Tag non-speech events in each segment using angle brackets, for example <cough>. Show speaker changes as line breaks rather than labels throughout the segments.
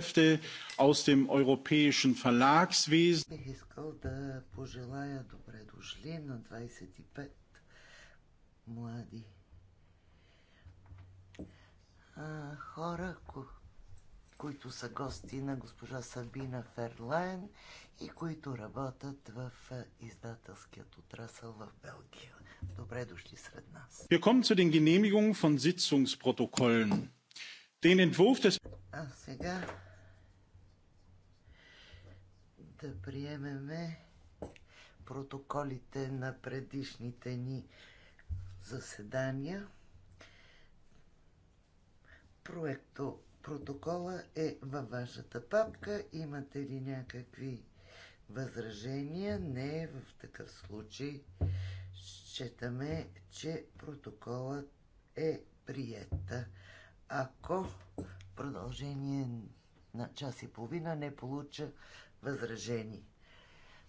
Kräfte aus dem europäischen Verlagswesen.
Бих искал да пожелая добре дошли на 25 млади а, хора, ко, които са гости на госпожа Сабина Ферлайн и които работят в издателският отрасъл в Белгия. Добре дошли сред нас.
Wir kommen zu den Genehmigungen von Sitzungsprotokollen. Den Entwurf
des... А сега да приемеме протоколите на предишните ни заседания. Проекто протокола е във вашата папка. Имате ли някакви възражения? Не, в такъв случай считаме, че протоколът е приета. Ако в продължение на час и половина не получа възражени.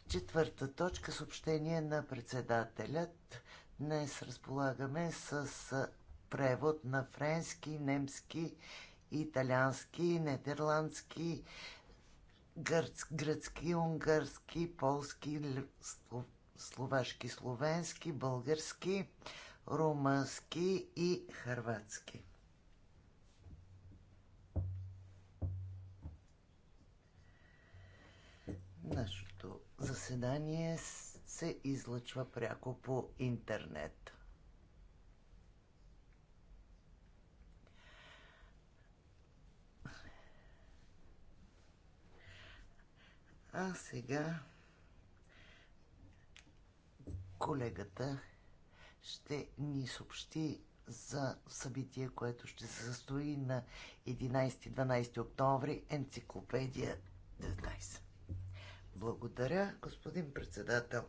Четвърта точка съобщение на председателят. Днес разполагаме с превод на френски, немски, италиански, нидерландски, гръцки, унгарски, полски, словашки, словенски, български, румънски и хърватски. Нашето заседание се излъчва пряко по интернет. А сега колегата ще ни съобщи за събитие, което ще се състои на 11-12 октомври, енциклопедия 19. Благодаря, господин председател.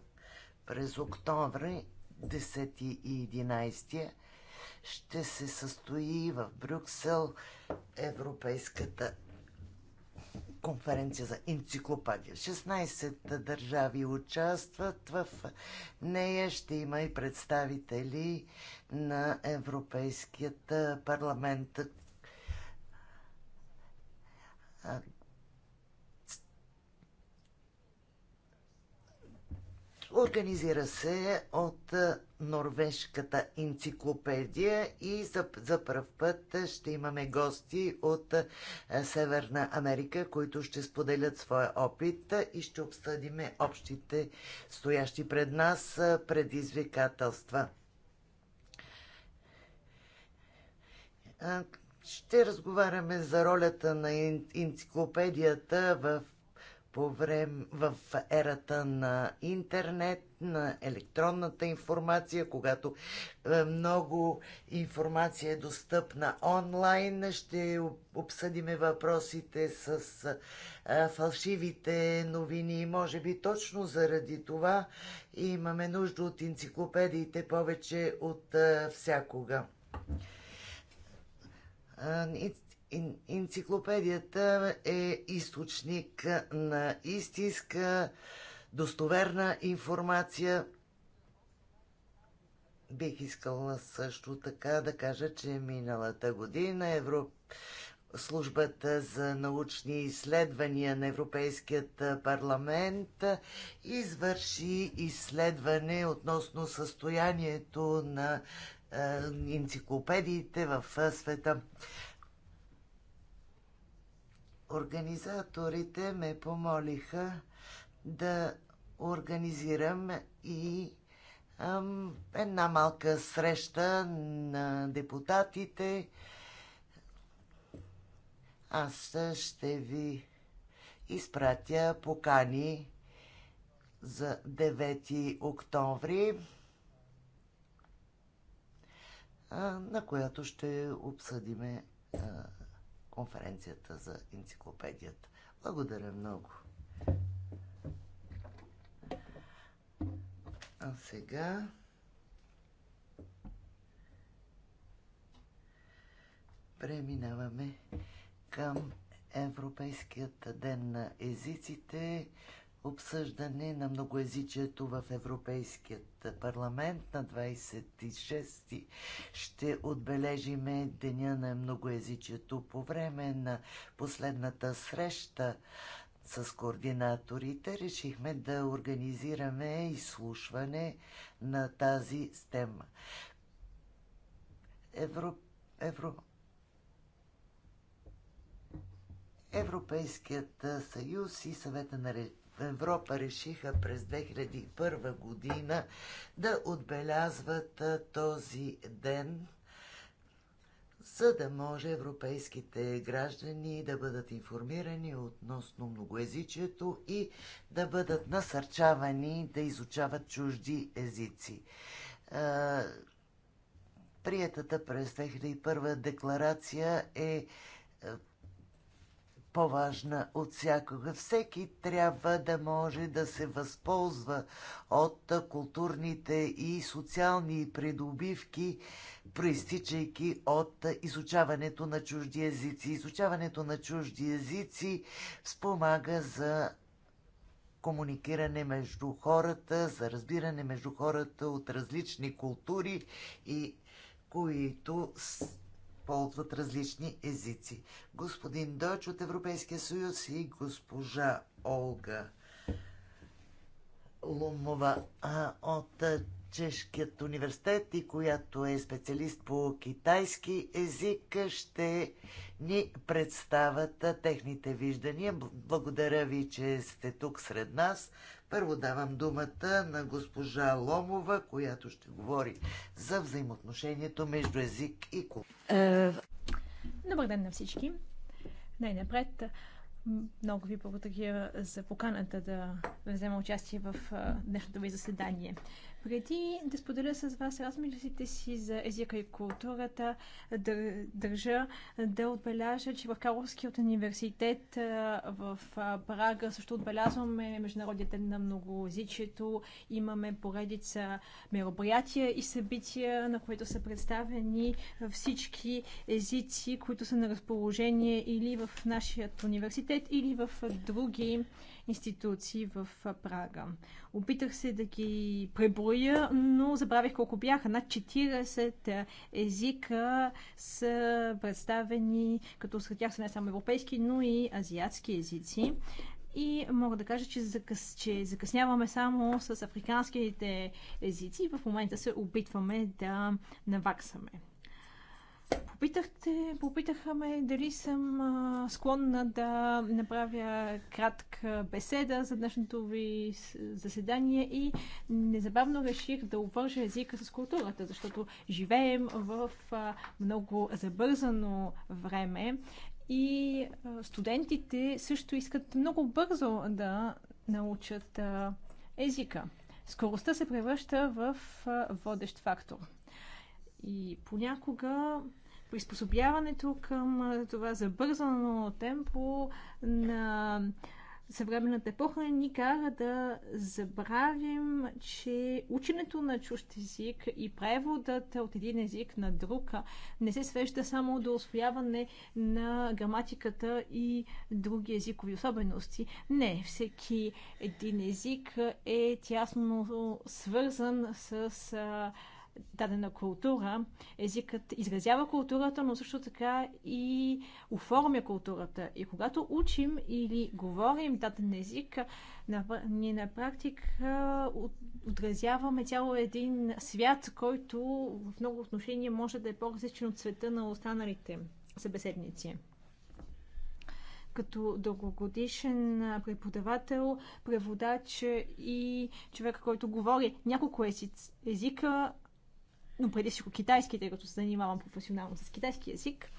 През октомври 10 и 11 ще се състои в Брюксел Европейската конференция за енциклопадия. 16 държави участват в нея. Ще има и представители на Европейският парламент. Организира се от Норвежката енциклопедия и за, за първ път ще имаме гости от Северна Америка, които ще споделят своя опит и ще обсъдиме общите стоящи пред нас предизвикателства. Ще разговаряме за ролята на енциклопедията в по време, в ерата на интернет, на електронната информация, когато е, много информация е достъпна онлайн. Ще обсъдиме въпросите с е, фалшивите новини. Може би точно заради това имаме нужда от енциклопедиите повече от е, всякога Енциклопедията е източник на истинска, достоверна информация. Бих искала също така да кажа, че миналата година Европа службата за научни изследвания на Европейският парламент извърши изследване относно състоянието на е, енциклопедиите в е, света. Организаторите ме помолиха да организирам и ам, една малка среща на депутатите. Аз ще ви изпратя покани за 9 октомври, на която ще обсъдиме конференцията за енциклопедията. Благодаря много. А сега... Преминаваме към Европейският ден на езиците обсъждане на многоязичието в Европейският парламент. На 26 ще отбележиме Деня на многоязичието по време на последната среща с координаторите решихме да организираме изслушване на тази тема. Евро... Евро... Европейският съюз и съвета на Европа решиха през 2001 година да отбелязват този ден, за да може европейските граждани да бъдат информирани относно многоязичието и да бъдат насърчавани да изучават чужди езици. Приятата през 2001 декларация е по-важна от всякога. Всеки трябва да може да се възползва от културните и социални придобивки, проистичайки от изучаването на чужди езици. Изучаването на чужди езици спомага за комуникиране между хората, за разбиране между хората от различни култури и които ползват различни езици. Господин Дойч от Европейския съюз и госпожа Олга Лумова от Чешкият университет и която е специалист по китайски език, ще ни представят техните виждания. Благодаря ви, че сте тук сред нас. Първо давам думата на госпожа Ломова, която ще говори за взаимоотношението между език и култура.
Е, добър ден на всички. Най-напред много ви благодаря за поканата да взема участие в е, днешното ви заседание. Преди да споделя с вас размислите си за езика и културата, държа да отбележа, че в Карловският университет в Прага също отбелязваме Международния ден на многоозичието. Имаме поредица мероприятия и събития, на които са представени всички езици, които са на разположение или в нашия университет, или в други институции в Прага. Опитах се да ги преброя, но забравих колко бяха. Над 40 езика са представени, като сред тях са не само европейски, но и азиатски езици. И мога да кажа, че, закъс, че закъсняваме само с африканските езици и в момента се опитваме да наваксаме. Попитахте, попитаха ме дали съм а, склонна да направя кратка беседа за днешното ви заседание и незабавно реших да обвържа езика с културата, защото живеем в а, много забързано време и а, студентите също искат много бързо да научат а, езика. Скоростта се превръща в а, водещ фактор. И понякога приспособяването към това забързано темпо на съвременната епоха ни кара да забравим, че ученето на чужд език и преводът от един език на друг не се свежда само до освояване на граматиката и други езикови особености. Не, всеки един език е тясно свързан с дадена култура. Езикът изразява културата, но също така и оформя културата. И когато учим или говорим даден език, ние на практика отразяваме цяло един свят, който в много отношения може да е по-различен от света на останалите събеседници като дългогодишен преподавател, преводач и човек, който говори няколко езика, но преди всичко китайски, тъй като се занимавам професионално с китайски язик,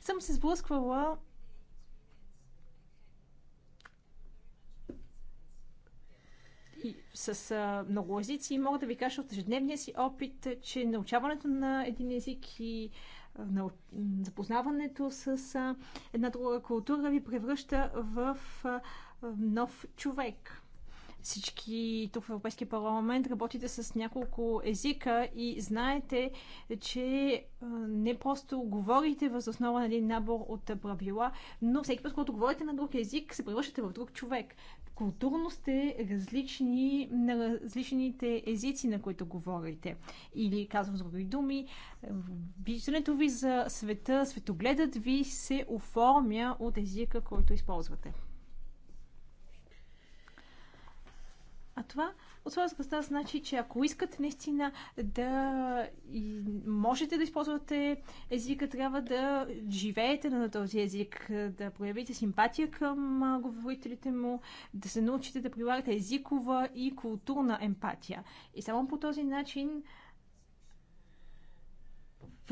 съм се сблъсквала и с а, много езици и мога да ви кажа от ежедневния си опит, че научаването на един език и на запознаването с а, една друга култура ви превръща в а, нов човек. Всички тук в Европейския парламент работите с няколко езика и знаете, че не просто говорите въз основа на един набор от правила, но всеки път, когато говорите на друг език, се превръщате в друг човек. Културно сте различни на различните езици, на които говорите. Или, казвам с други думи, виждането ви за света, светогледът ви се оформя от езика, който използвате. А това от своя страна значи, че ако искате наистина да и можете да използвате езика, трябва да живеете на този език, да проявите симпатия към говорителите му, да се научите да прилагате езикова и културна емпатия. И само по този начин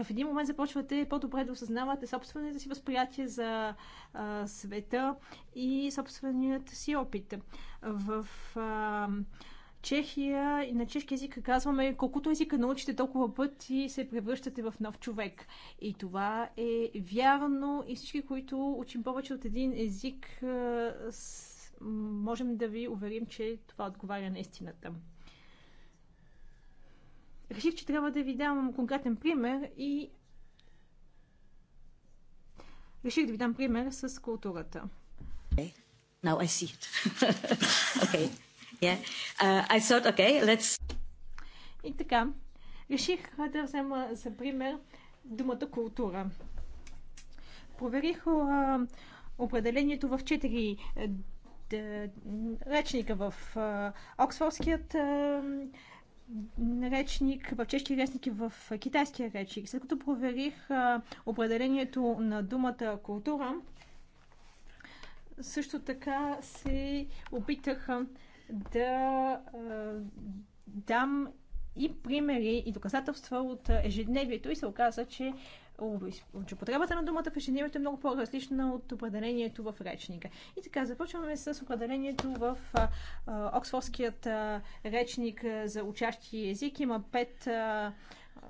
в един момент започвате по-добре да осъзнавате собствените си възприятие за а, света и собственият си опит. В а, Чехия и на чешки език казваме, колкото езика научите толкова пъти се превръщате в нов човек. И това е вярно и всички, които учим повече от един език, можем да ви уверим, че това отговаря на истината реших, че трябва да ви дам конкретен пример и реших да ви дам пример с културата.
Okay. Now I see it. <laughs> okay. Yeah. Uh, I thought, okay, let's...
И така, реших да взема за пример думата култура. Проверих определението в четири речника в Оксфордският а, речник, в чешки речник и в китайския речник. След като проверих определението на думата култура, също така се опитах да дам и примери и доказателства от ежедневието и се оказа, че употребата на думата в ежедневието е много по-различна от определението в речника. И така, започваме с определението в Оксфордският речник за учащи език. Има пет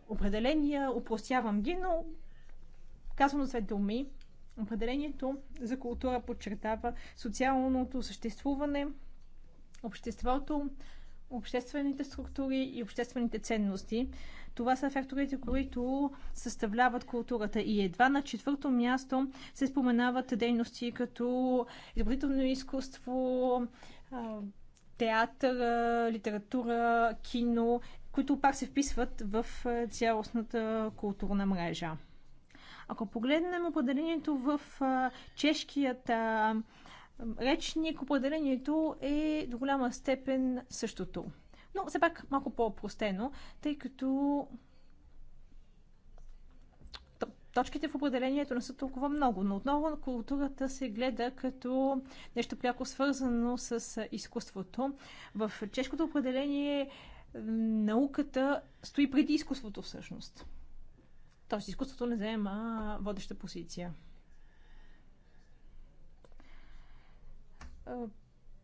определения, упростявам ги, но казвам след думи. Определението за култура подчертава социалното съществуване, обществото, обществените структури и обществените ценности. Това са факторите, които съставляват културата. И едва на четвърто място се споменават дейности като изобразително изкуство, театър, литература, кино, които пак се вписват в цялостната културна мрежа. Ако погледнем определението в чешкият речник, определението е до голяма степен същото но все пак малко по-простено, тъй като точките в определението не са толкова много, но отново културата се гледа като нещо пряко свързано с изкуството. В чешкото определение науката стои преди изкуството всъщност. Тоест изкуството не заема водеща позиция.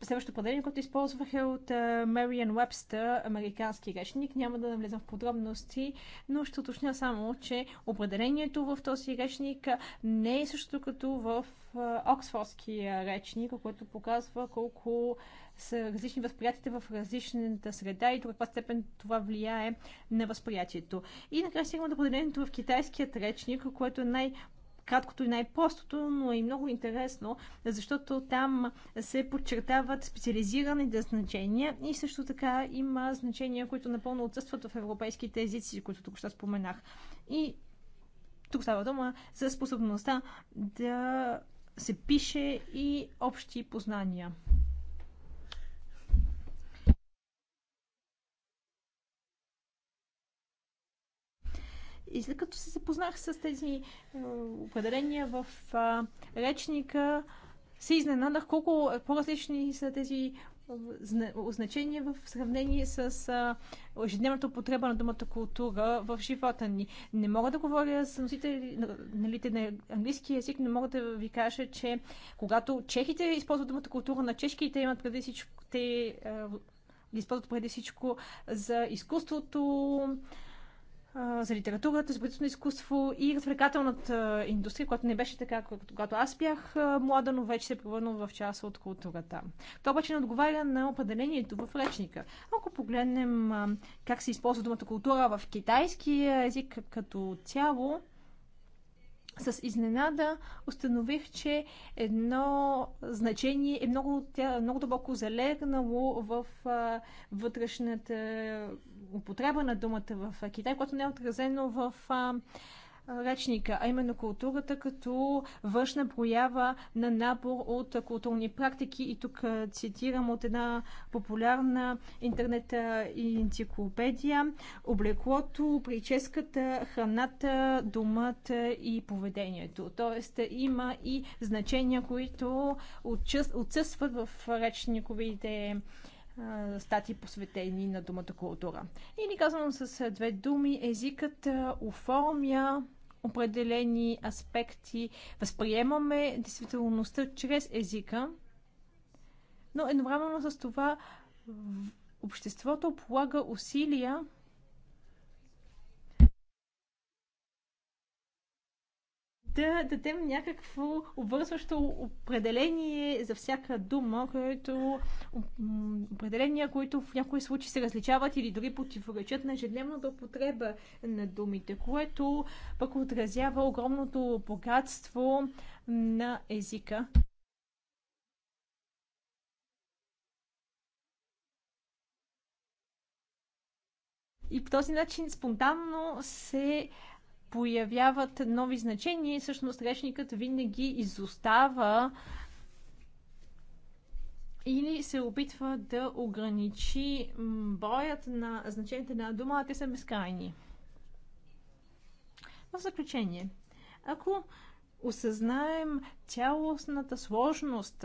Следващото определение, което използвах е от Мериан Уебстър, американски речник. Няма да навлезам в подробности, но ще уточня само, че определението в този речник не е същото като в Оксфордския речник, което показва колко са различни възприятията в различната среда и до каква степен това влияе на възприятието. И накрая стигаме до определението в китайският речник, което е най- най-краткото и най-простото, но е и много интересно, защото там се подчертават специализираните значения и също така има значения, които напълно отсъстват в европейските езици, които тук ще споменах. И тук става дума за способността да се пише и общи познания. И след като се запознах с тези е, определения в речника, се изненадах колко е по-различни са тези е, значения в сравнение с ежедневната употреба на думата култура в живота ни. Не мога да говоря с носителите на английски язик, не мога да ви кажа, че когато чехите използват думата култура на чешки, те имат преди всичко, те използват преди всичко за изкуството, за литературата, за изобретително изкуство и развлекателната индустрия, която не беше така, когато аз бях млада, но вече се превърна в част от културата. Това обаче не отговаря на определението в речника. Ако погледнем как се използва думата култура в китайския език като цяло, с изненада установих, че едно значение е много, много дълбоко залегнало в а, вътрешната употреба на думата в Китай, което не е отразено в а, речника, а именно културата като външна проява на набор от културни практики. И тук цитирам от една популярна интернет енциклопедия облеклото, прическата, храната, думът и поведението. Тоест има и значения, които отсъстват в речниковите стати, посветени на думата култура. Или казвам с две думи, езикът оформя определени аспекти, възприемаме действителността чрез езика, но едновременно с това обществото полага усилия да дадем някакво обвързващо определение за всяка дума, което определения, които в някои случаи се различават или дори противоречат на ежедневната употреба на думите, което пък отразява огромното богатство на езика. И по този начин спонтанно се появяват нови значения и всъщност речникът винаги изостава или се опитва да ограничи броят на значенията на дума, а те са безкрайни. В заключение, ако осъзнаем цялостната сложност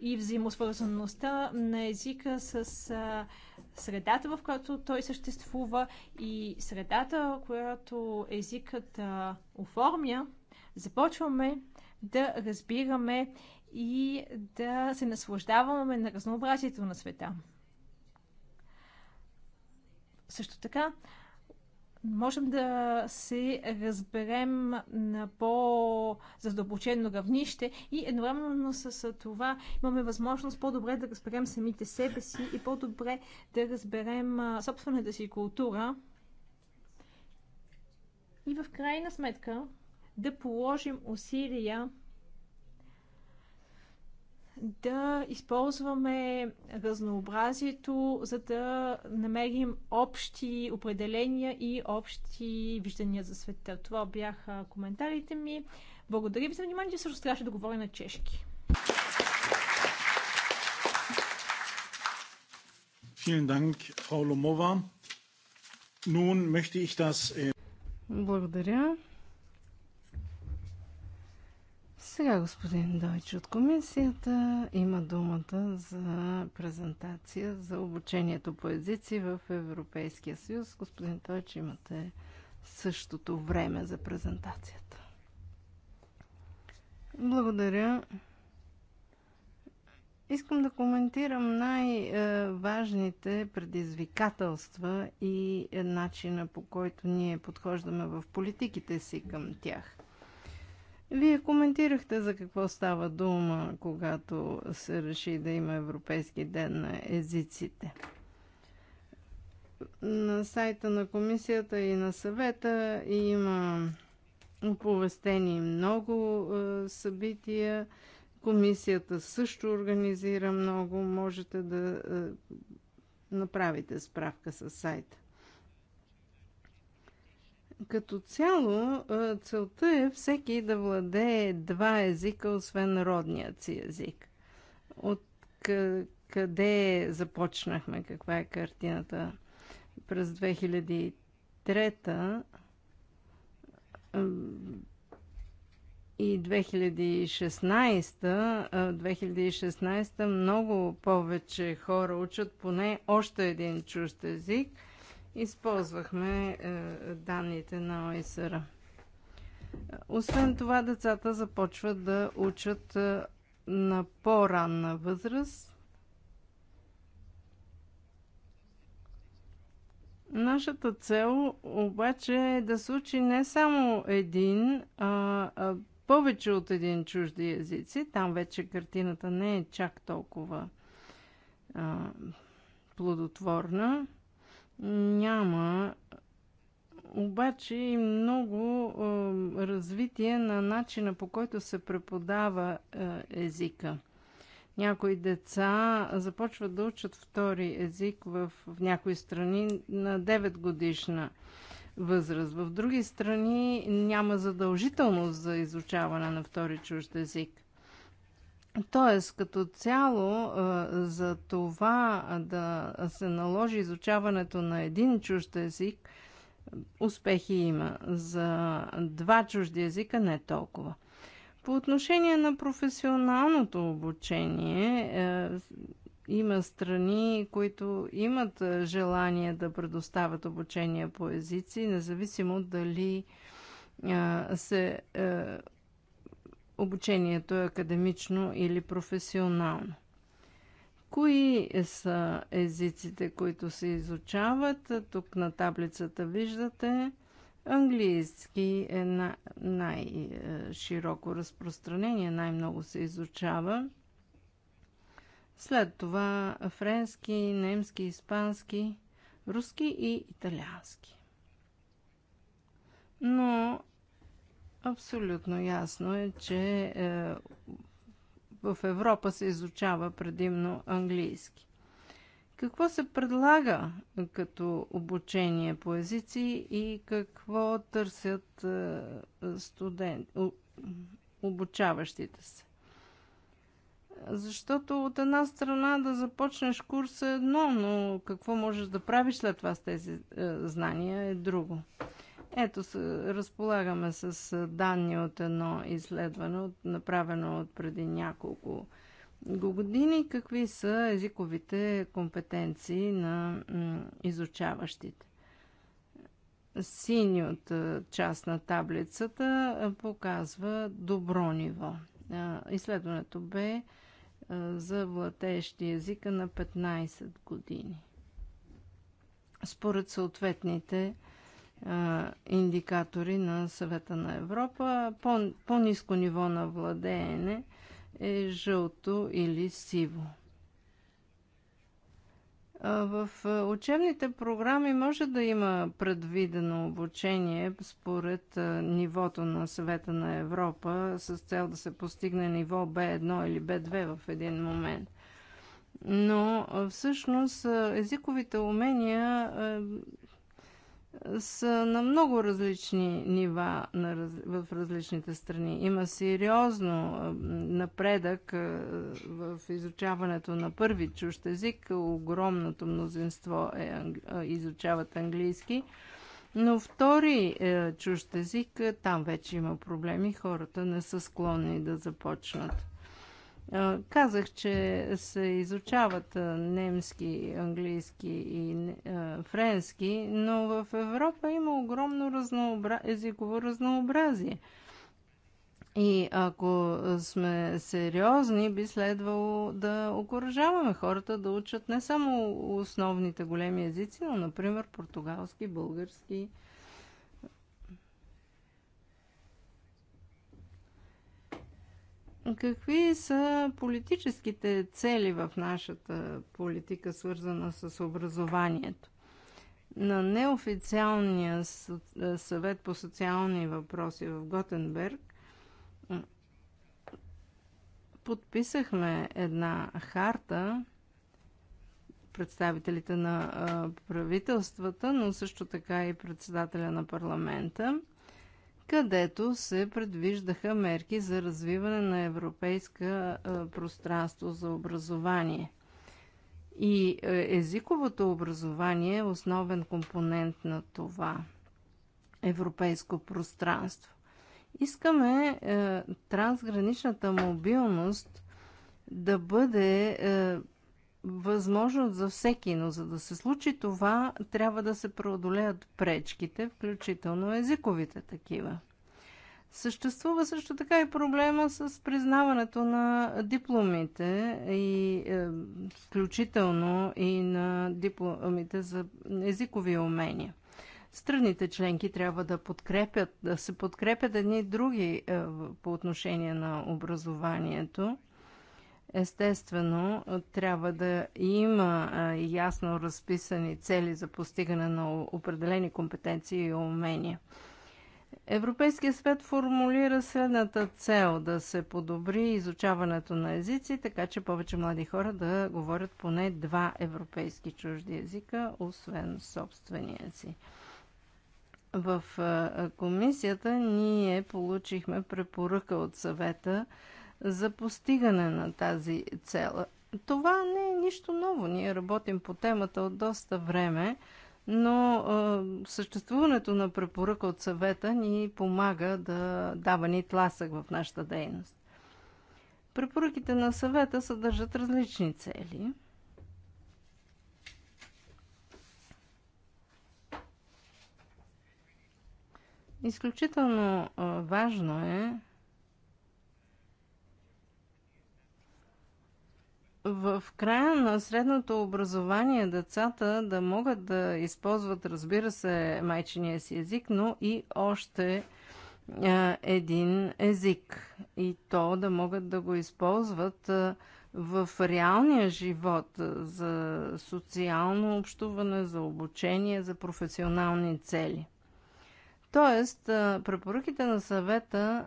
и взаимосвързаността на езика с а, средата, в която той съществува и средата, която езикът а, оформя, започваме да разбираме и да се наслаждаваме на разнообразието на света. Също така, можем да се разберем на по-задълбочено равнище и едновременно с това имаме възможност по-добре да разберем самите себе си и по-добре да разберем собствената си култура. И в крайна сметка да положим усилия да използваме разнообразието, за да намерим общи определения и общи виждания за света. Това бяха коментарите ми. Благодаря ви за вниманието. Също трябваше да говоря на чешки.
möchte ich das... Äh,
Благодаря. Сега господин Дойч от комисията има думата за презентация за обучението по езици в Европейския съюз. Господин Дойч, имате същото време за презентацията. Благодаря. Искам да коментирам най-важните предизвикателства и начина по който ние подхождаме в политиките си към тях. Вие коментирахте за какво става дума, когато се реши да има Европейски ден на езиците. На сайта на комисията и на съвета има оповестени много е, събития. Комисията също организира много. Можете да е, направите справка с сайта. Като цяло, целта е всеки да владее два езика, освен родният си език. От къде започнахме? Каква е картината? През 2003 и 2016, 2016 много повече хора учат поне още един чужд език – използвахме е, данните на ОСР. Освен това, децата започват да учат е, на по-ранна възраст. Нашата цел обаче е да се учи не само един, а, а повече от един чужди езици. Там вече картината не е чак толкова а, плодотворна няма обаче и много е, развитие на начина по който се преподава е, езика. Някои деца започват да учат втори език в, в някои страни на 9 годишна възраст. В други страни няма задължителност за изучаване на втори чужд език. Тоест, като цяло, за това да се наложи изучаването на един чужд език, успехи има. За два чужди езика не толкова. По отношение на професионалното обучение, е, има страни, които имат е, желание да предоставят обучение по езици, независимо дали е, се обучението е академично или професионално. Кои са езиците, които се изучават? Тук на таблицата виждате. Английски е най-широко разпространение, най-много се изучава. След това френски, немски, испански, руски и италиански. Но Абсолютно ясно е, че е, в Европа се изучава предимно английски. Какво се предлага като обучение по езици и какво търсят е, студент, обучаващите се? Защото от една страна да започнеш курс е едно, но какво можеш да правиш след това с тези е, знания е друго. Ето, разполагаме с данни от едно изследване, направено от преди няколко години. Какви са езиковите компетенции на изучаващите? от част на таблицата показва добро ниво. Изследването бе за владеещи езика на 15 години. Според съответните индикатори на съвета на Европа. По, по-низко ниво на владеене е жълто или сиво. В учебните програми може да има предвидено обучение според нивото на съвета на Европа с цел да се постигне ниво B1 или B2 в един момент. Но всъщност езиковите умения са на много различни нива на раз... в различните страни. Има сериозно напредък в изучаването на първи чужд език. Огромното мнозинство е... изучават английски. Но втори е, чужд език, е, там вече има проблеми. Хората не са склонни да започнат. Казах, че се изучават немски, английски и френски, но в Европа има огромно разнообра... езиково разнообразие. И ако сме сериозни, би следвало да окоръжаваме хората да учат не само основните големи езици, но, например, португалски, български, Какви са политическите цели в нашата политика, свързана с образованието? На неофициалния е, съвет по социални въпроси в Готенберг подписахме една харта, представителите на правителствата, но също така и председателя на парламента – където се предвиждаха мерки за развиване на европейска пространство за образование. И езиковото образование е основен компонент на това европейско пространство. Искаме е, трансграничната мобилност да бъде е, възможност за всеки, но за да се случи това, трябва да се преодолеят пречките, включително езиковите такива. Съществува също така и проблема с признаването на дипломите и е, включително и на дипломите за езикови умения. Страните членки трябва да подкрепят, да се подкрепят едни други е, по отношение на образованието Естествено, трябва да има ясно разписани цели за постигане на определени компетенции и умения. Европейския свет формулира следната цел да се подобри изучаването на езици, така че повече млади хора да говорят поне два европейски чужди езика, освен собствения си. В комисията ние получихме препоръка от съвета – за постигане на тази цел. Това не е нищо ново. Ние работим по темата от доста време, но е, съществуването на препоръка от съвета ни помага да дава ни тласък в нашата дейност. Препоръките на съвета съдържат различни цели. Изключително важно е в края на средното образование децата да могат да използват, разбира се, майчиния си език, но и още един език. И то да могат да го използват в реалния живот за социално общуване, за обучение, за професионални цели. Тоест, препоръките на съвета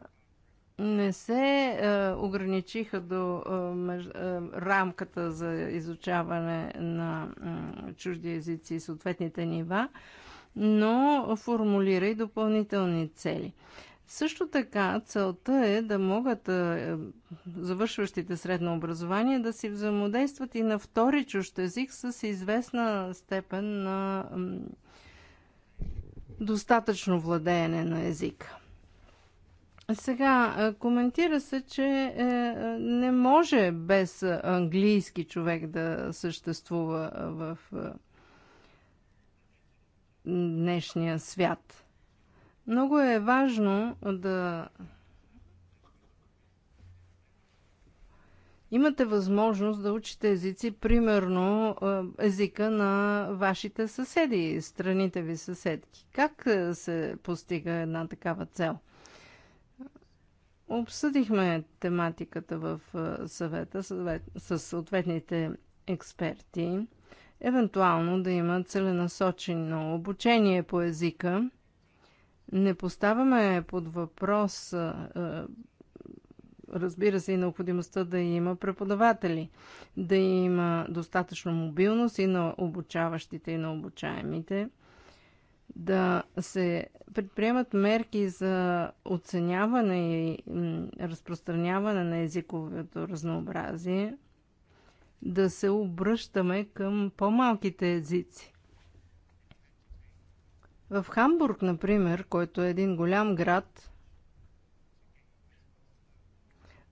не се е, ограничиха до е, меж, е, рамката за изучаване на е, чужди езици и съответните нива, но формулира и допълнителни цели. Също така, целта е да могат е, завършващите средно образование да си взаимодействат и на втори чужд език с известна степен на е, достатъчно владеене на езика. Сега, коментира се, че е, не може без английски човек да съществува в днешния свят. Много е важно да имате възможност да учите езици, примерно езика на вашите съседи, страните ви съседки. Как се постига една такава цел? Обсъдихме тематиката в съвета с съответните експерти. Евентуално да има целенасочено обучение по езика. Не поставяме под въпрос, разбира се, и необходимостта да има преподаватели, да има достатъчно мобилност и на обучаващите, и на обучаемите – да се предприемат мерки за оценяване и разпространяване на езиковото разнообразие, да се обръщаме към по-малките езици. В Хамбург, например, който е един голям град,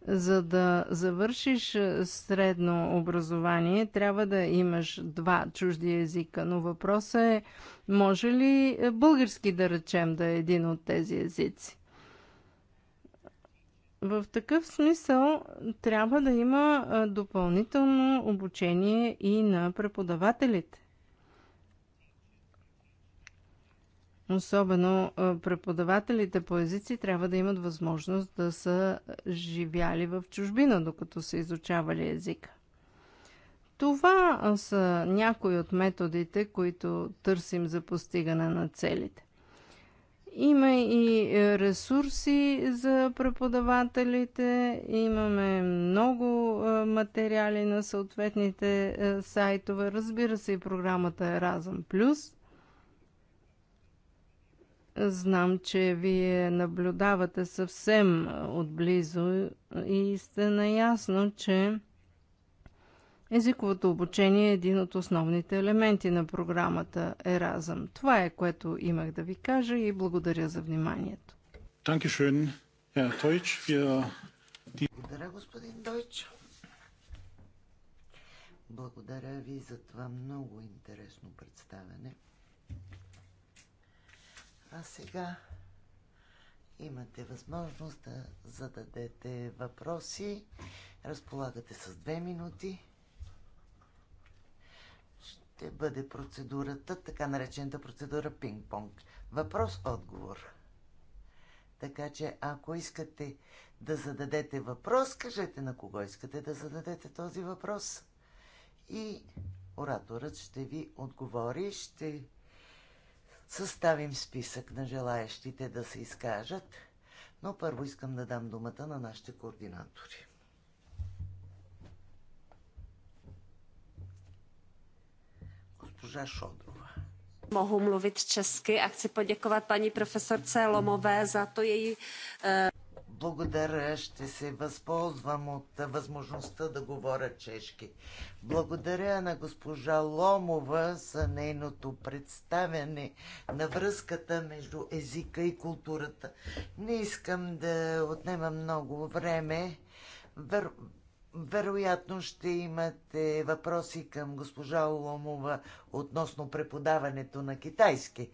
за да завършиш е, средно образование, трябва да имаш два чужди езика. Но въпросът е, може ли е, български да речем да е един от тези езици? В такъв смисъл трябва да има е, допълнително обучение и на преподавателите. Особено преподавателите по езици трябва да имат възможност да са живяли в чужбина, докато са изучавали езика. Това са някои от методите, които търсим за постигане на целите. Има и е, ресурси за преподавателите, имаме много материали на съответните е, сайтове. Разбира се, и програмата е Еразъм Плюс – Знам, че вие наблюдавате съвсем отблизо и сте наясно, че езиковото обучение е един от основните елементи на програмата Еразъм. Това е което имах да ви кажа и благодаря за вниманието.
Благодаря,
господин Дойч. Благодаря ви за това много интересно представяне. А сега имате възможност да зададете въпроси. Разполагате с две минути. Ще бъде процедурата, така наречената процедура пинг-понг. Въпрос-отговор. Така че, ако искате да зададете въпрос, кажете на кого искате да зададете този въпрос. И ораторът ще ви отговори, ще съставим списък на желаящите да се изкажат, но първо искам да дам думата на нашите координатори. Госпожа Шодрова. Mohu mluvit česky a chci poděkovat paní profesorce Lomové za to její... Eh, благодаря, ще се възползвам от възможността да говоря чешки. Благодаря на госпожа Ломова за нейното представяне на връзката между езика и културата. Не искам да отнема много време. Вероятно ще имате въпроси към госпожа Оломова относно преподаването на китайски.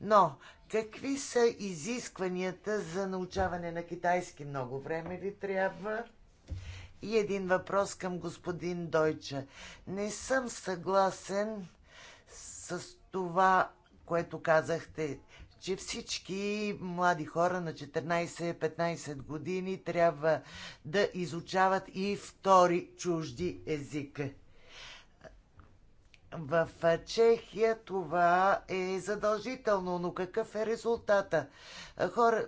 Но какви са изискванията за научаване на китайски? Много време ли трябва? И един въпрос към господин Дойча. Не съм съгласен с това, което казахте, че всички млади хора на 14-15 години трябва да изучават и втори чужди език. В Чехия това е задължително, но какъв е резултата? Хора,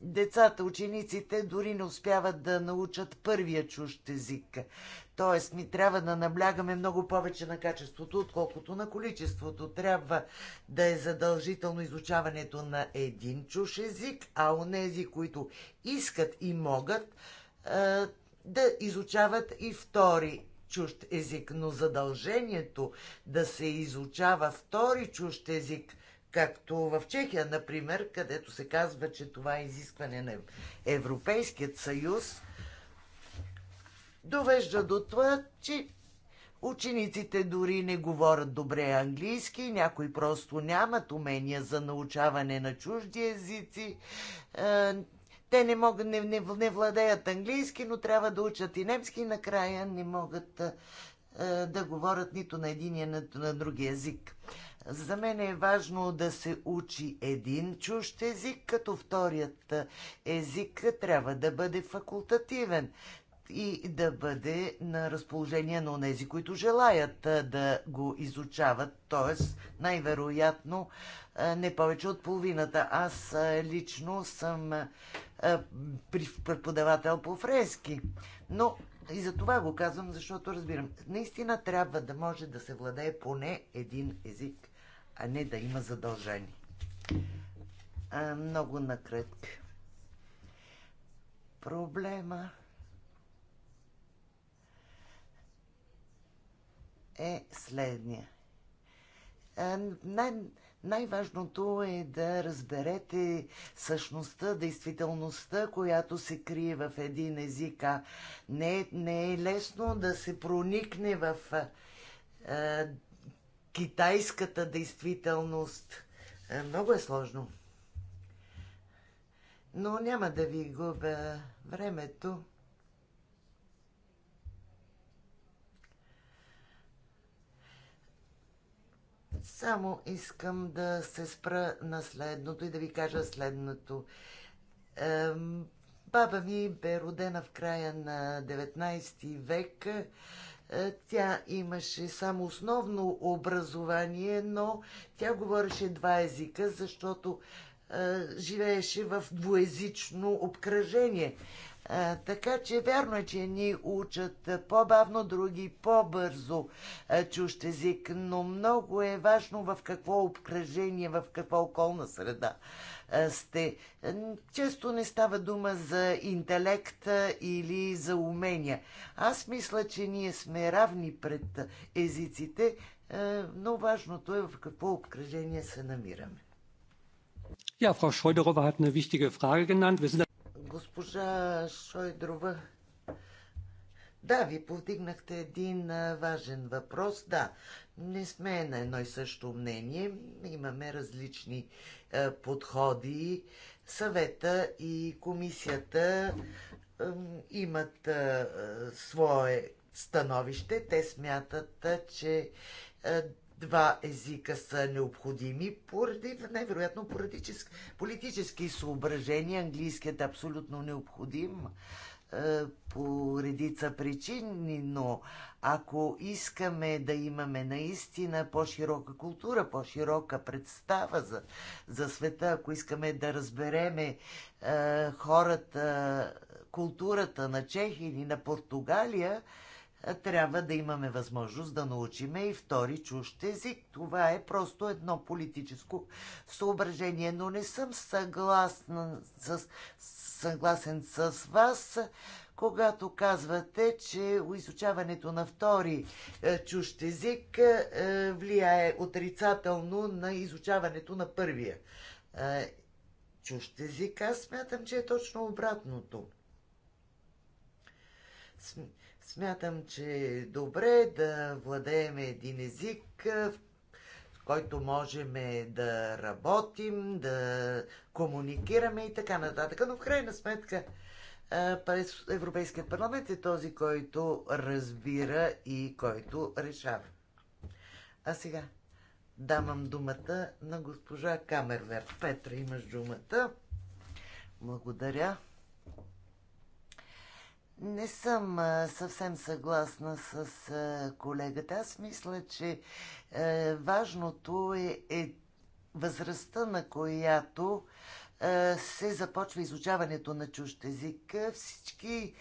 децата, учениците дори не успяват да научат първия чужд език. Тоест, ми трябва да наблягаме много повече на качеството, отколкото на количеството. Трябва да е задължително изучаването на един чуж език, а онези, които искат и могат, да изучават и втори чужд език, но задължението да се изучава втори чужд език, както в Чехия, например, където се казва, че това е изискване на Европейският съюз, довежда до това, че Учениците дори не говорят добре английски, някои просто нямат умения за научаване на чужди езици. Е, те не, могат, не, не, не владеят английски, но трябва да учат и немски. И накрая не могат а, да говорят нито на единия, нито на другия език. За мен е важно да се учи един чущ език, като вторият език трябва да бъде факултативен и да бъде на разположение на тези, които желаят да го изучават, т.е. най-вероятно не повече от половината. Аз лично съм преподавател по фрески, но и за това го казвам, защото разбирам, наистина трябва да може да се владее поне един език, а не да има задължение. много накратко. Проблема е следния. Е, най- най-важното е да разберете същността, действителността, която се крие в един език. А не, не е лесно да се проникне в а, е, китайската действителност. А, е, много е сложно. Но няма да ви губя времето. Само искам да се спра на следното и да ви кажа следното. Баба ми бе родена в края на 19 век. Е, тя имаше само основно образование, но тя говореше два езика, защото е, живееше в двуезично обкръжение. А, така че вярно е, че ни учат по-бавно, други по-бързо чущ език, но много е важно в какво обкръжение, в каква околна среда а, сте. Често не става дума за интелект или за умения. Аз мисля, че ние сме равни пред езиците, а, но важното е в какво обкръжение се намираме.
Ja, Frau Scheuderova hat eine wichtige Frage genannt. Wir sind
Госпожа Шойдрова, да, ви повдигнахте един важен въпрос. Да, не сме на едно и също мнение. Имаме различни подходи. Съвета и комисията имат свое становище. Те смятат, че два езика са необходими поради, невероятно, поради политически съображения. Английският е абсолютно необходим е, по редица причини, но ако искаме да имаме наистина по-широка култура, по-широка представа за, за света, ако искаме да разбереме е, хората, културата на Чехия или на Португалия, трябва да имаме възможност да научиме и втори чужд език. Това е просто едно политическо съображение, но не съм съгласна с, съгласен с вас, когато казвате, че изучаването на втори е, чужд език е, влияе отрицателно на изучаването на първия е, чужд език. Аз смятам, че е точно обратното Смятам, че е добре да владеем един език, в който можем да работим, да комуникираме и така нататък. Но в крайна сметка Европейския парламент е този, който разбира и който решава. А сега давам думата на госпожа Камервер. Петра, имаш думата. Благодаря. Не съм съвсем съгласна с колегата. Аз мисля, че е, важното е, е възрастта, на която е, се започва изучаването на чужд език. Всички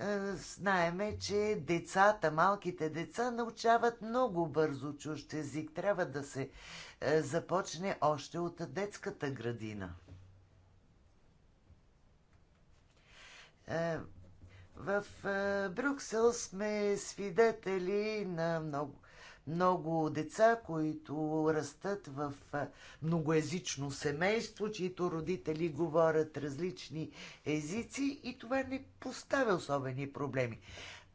е, знаеме, че децата, малките деца научават много бързо чужд език. Трябва да се започне още от детската градина в Брюксел сме свидетели на много, много деца, които растат в многоязично семейство, чието родители говорят различни езици и това не поставя особени проблеми.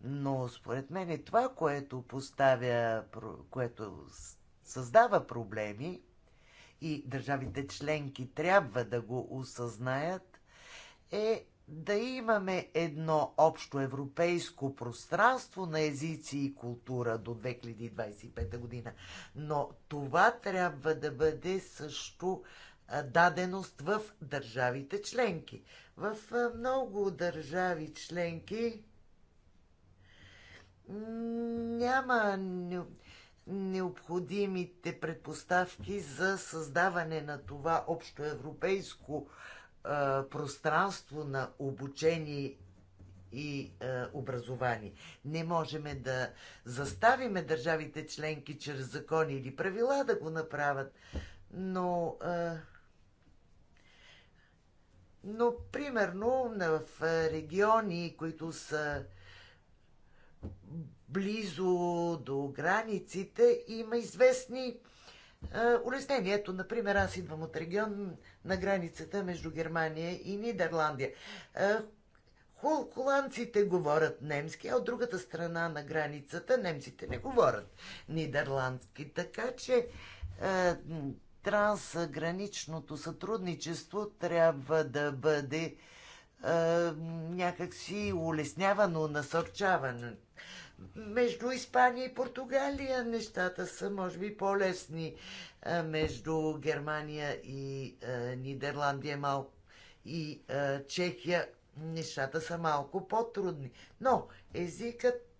Но според мен е това, което поставя, което създава проблеми и държавите членки трябва да го осъзнаят, е да имаме едно общо европейско пространство на езици и култура до 2025 година. Но това трябва да бъде също даденост в държавите членки. В много държави членки няма необходимите предпоставки за създаване на това общоевропейско европейско пространство на обучение и е, образование. Не можем да заставиме държавите членки чрез закони или правила да го направят, но. Е, но, примерно, в региони, които са близо до границите, има известни улеснени. Ето, например, аз идвам от регион на границата между Германия и Нидерландия. Хол, холандците говорят немски, а от другата страна на границата немците не говорят нидерландски. Така че трансграничното сътрудничество трябва да бъде някакси улеснявано, насърчавано между Испания и Португалия нещата са, може би, по-лесни. Е, между Германия и е, Нидерландия мал... и е, Чехия нещата са малко по-трудни. Но езикът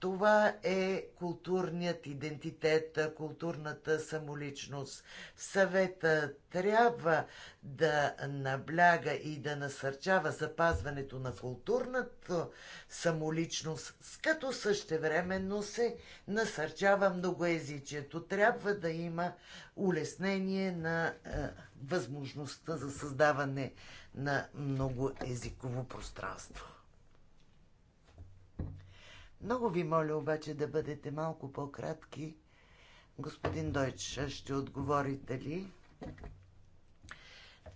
това е културният идентитет, културната самоличност. Съвета трябва да набляга и да насърчава запазването на културната самоличност, като същевременно се насърчава многоезичието. Трябва да има улеснение на е, възможността за създаване на многоезиково пространство. Много ви моля обаче да бъдете малко по-кратки. Господин Дойч, ще отговорите ли?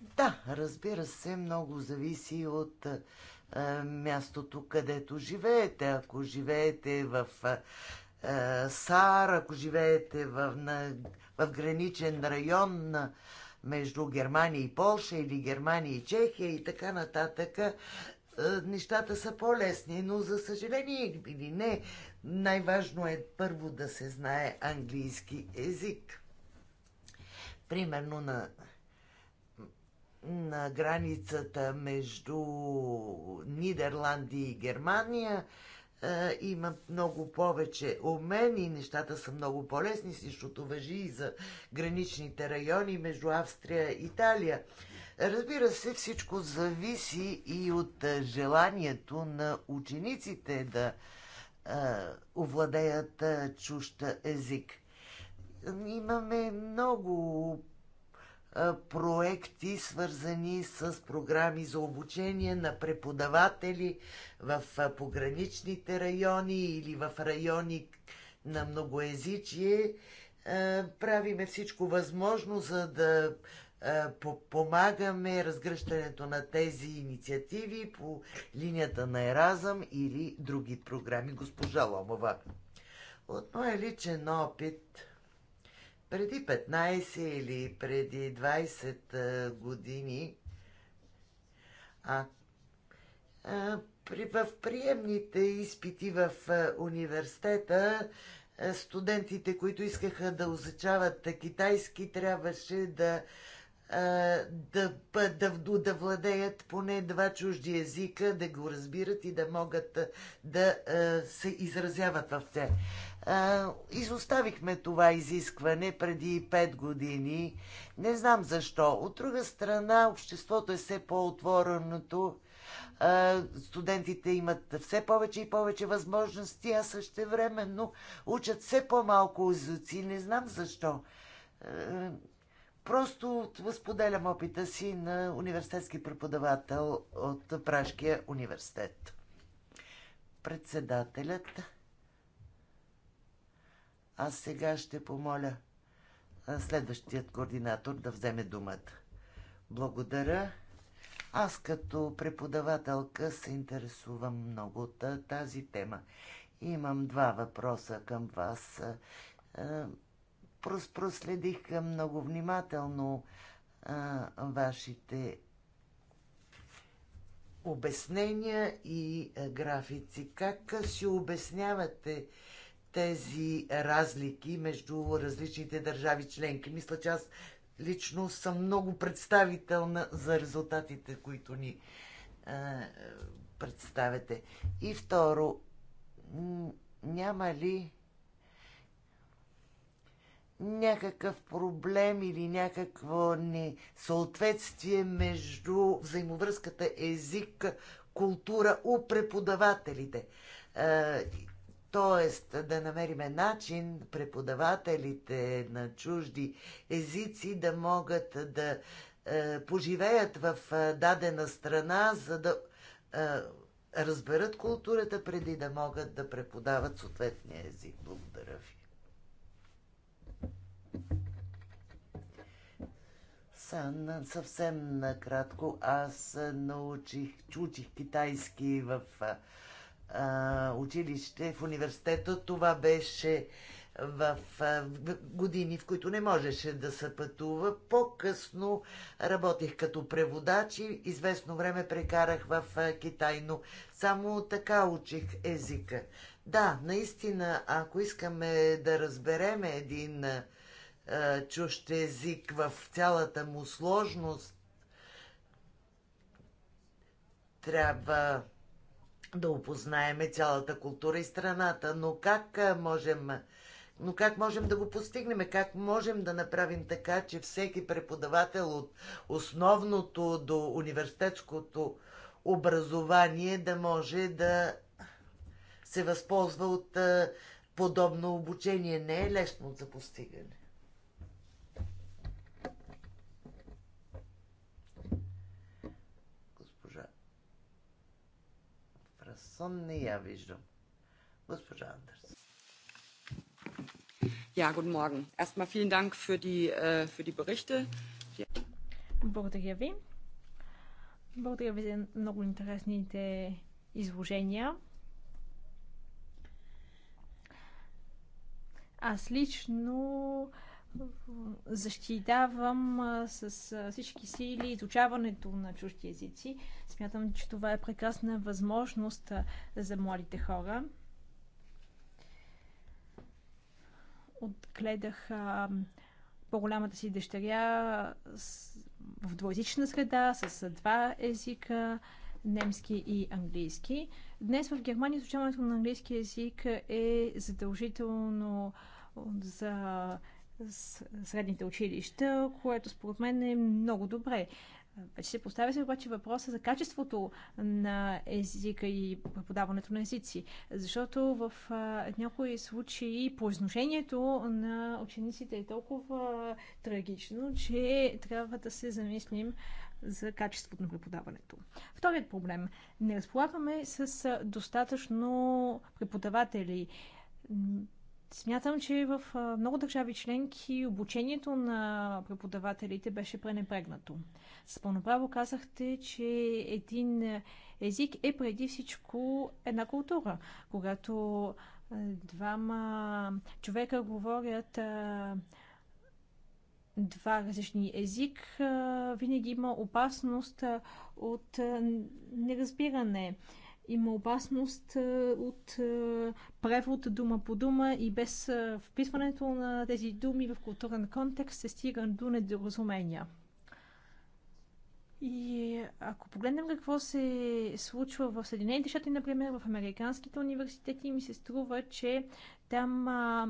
Да, разбира се, много зависи от а, е, мястото, където живеете. Ако живеете в а, е, е, Сар, ако живеете в, на, в граничен район на, между Германия и Полша или Германия и Чехия и така нататък, е, нещата са по-лесни, но за съжаление или не, най-важно е първо да се знае английски език. Примерно на, на границата между Нидерландия и Германия е, има много повече умен и нещата са много по-лесни. защото въжи и за граничните райони между Австрия и Италия. Разбира се, всичко зависи и от желанието на учениците да а, овладеят а, чужд език. Имаме много проекти, свързани с програми за обучение на преподаватели в пограничните райони или в райони на многоезичие. Правиме всичко възможно, за да е, помагаме разгръщането на тези инициативи по линията на Еразъм или други програми. Госпожа Ломова, от моя личен опит, преди 15 или преди 20 е, години, а, а е, при, в приемните изпити в университета студентите, които искаха да изучават китайски, трябваше да да, да, да владеят поне два чужди езика, да го разбират и да могат да се изразяват в те. Изоставихме това изискване преди 5 години. Не знам защо. От друга страна, обществото е все по-отвореното. Студентите имат все повече и повече възможности, а също но учат все по-малко езици. Не знам защо Просто възподелям опита си на университетски преподавател от Пражкия университет. Председателят. Аз сега ще помоля следващият координатор да вземе думата. Благодаря. Аз като преподавателка се интересувам много от тази тема. Имам два въпроса към вас проследих много внимателно а, вашите обяснения и а, графици. Как си обяснявате тези разлики между различните държави членки? Мисля, че аз лично съм много представителна за резултатите, които ни а, представяте. И второ, няма ли някакъв проблем или някакво несъответствие между взаимовръзката език, култура у преподавателите. Е, тоест да намериме начин преподавателите на чужди езици да могат да е, поживеят в е, дадена страна, за да разберат културата преди да могат да преподават съответния език. Благодаря ви. Сана, съвсем накратко, аз научих, чучих китайски в а, училище, в университета. Това беше в, а, в години, в които не можеше да се пътува. По-късно работих като преводач и известно време прекарах в а, Китай, но само така учих езика. Да, наистина, ако искаме да разбереме един а, чужд език в цялата му сложност трябва да опознаеме цялата култура и страната. Но как можем, но как можем да го постигнем? Как можем да направим така, че всеки преподавател от основното до университетското образование да може да се възползва от подобно обучение? Не е лесно за постигане. Андерсон не я виждам. Госпожа Андерс. Ja, guten Morgen. Erstmal vielen Dank für die, äh, für die Berichte.
Благодаря ви. Благодаря ви за много интересните изложения. Аз лично защитавам с всички сили изучаването на чужди езици. Смятам, че това е прекрасна възможност за младите хора. Отгледах по-голямата си дъщеря в двоязична среда с два езика немски и английски. Днес в Германия изучаването на английски език е задължително за средните училища, което според мен е много добре. Вече се поставя се обаче въпроса за качеството на езика и преподаването на езици, защото в някои случаи произношението на учениците е толкова трагично, че трябва да се замислим за качеството на преподаването. Вторият проблем. Не разполагаме с достатъчно преподаватели Смятам, че в много държави членки обучението на преподавателите беше пренебрегнато. С пълноправо казахте, че един език е преди всичко една култура. Когато двама човека говорят два различни език, винаги има опасност от неразбиране има опасност е, от е, превод дума по дума и без е, вписването на тези думи в културен контекст се стига до недоразумения. И ако погледнем какво се случва в Съединените щати, например, в американските университети, ми се струва, че там а,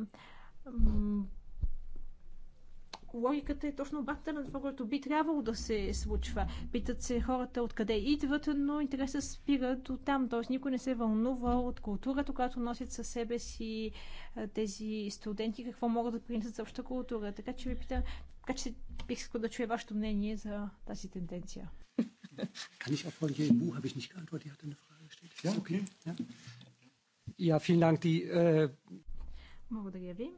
логиката е точно обратна на това, което би трябвало да се случва. Питат се хората откъде идват, но интересът спира до там. Тоест никой не се вълнува от културата, която носят със себе си тези студенти, какво могат да принесат за обща култура. Така че ви питам, така че бих искал да чуя вашето мнение за тази тенденция.
Kann ich auf Frau Bu habe ich nicht geantwortet, die hat eine Frage gestellt. Ja, okay. Ja, vielen Dank. Die, äh...
Благодаря ви.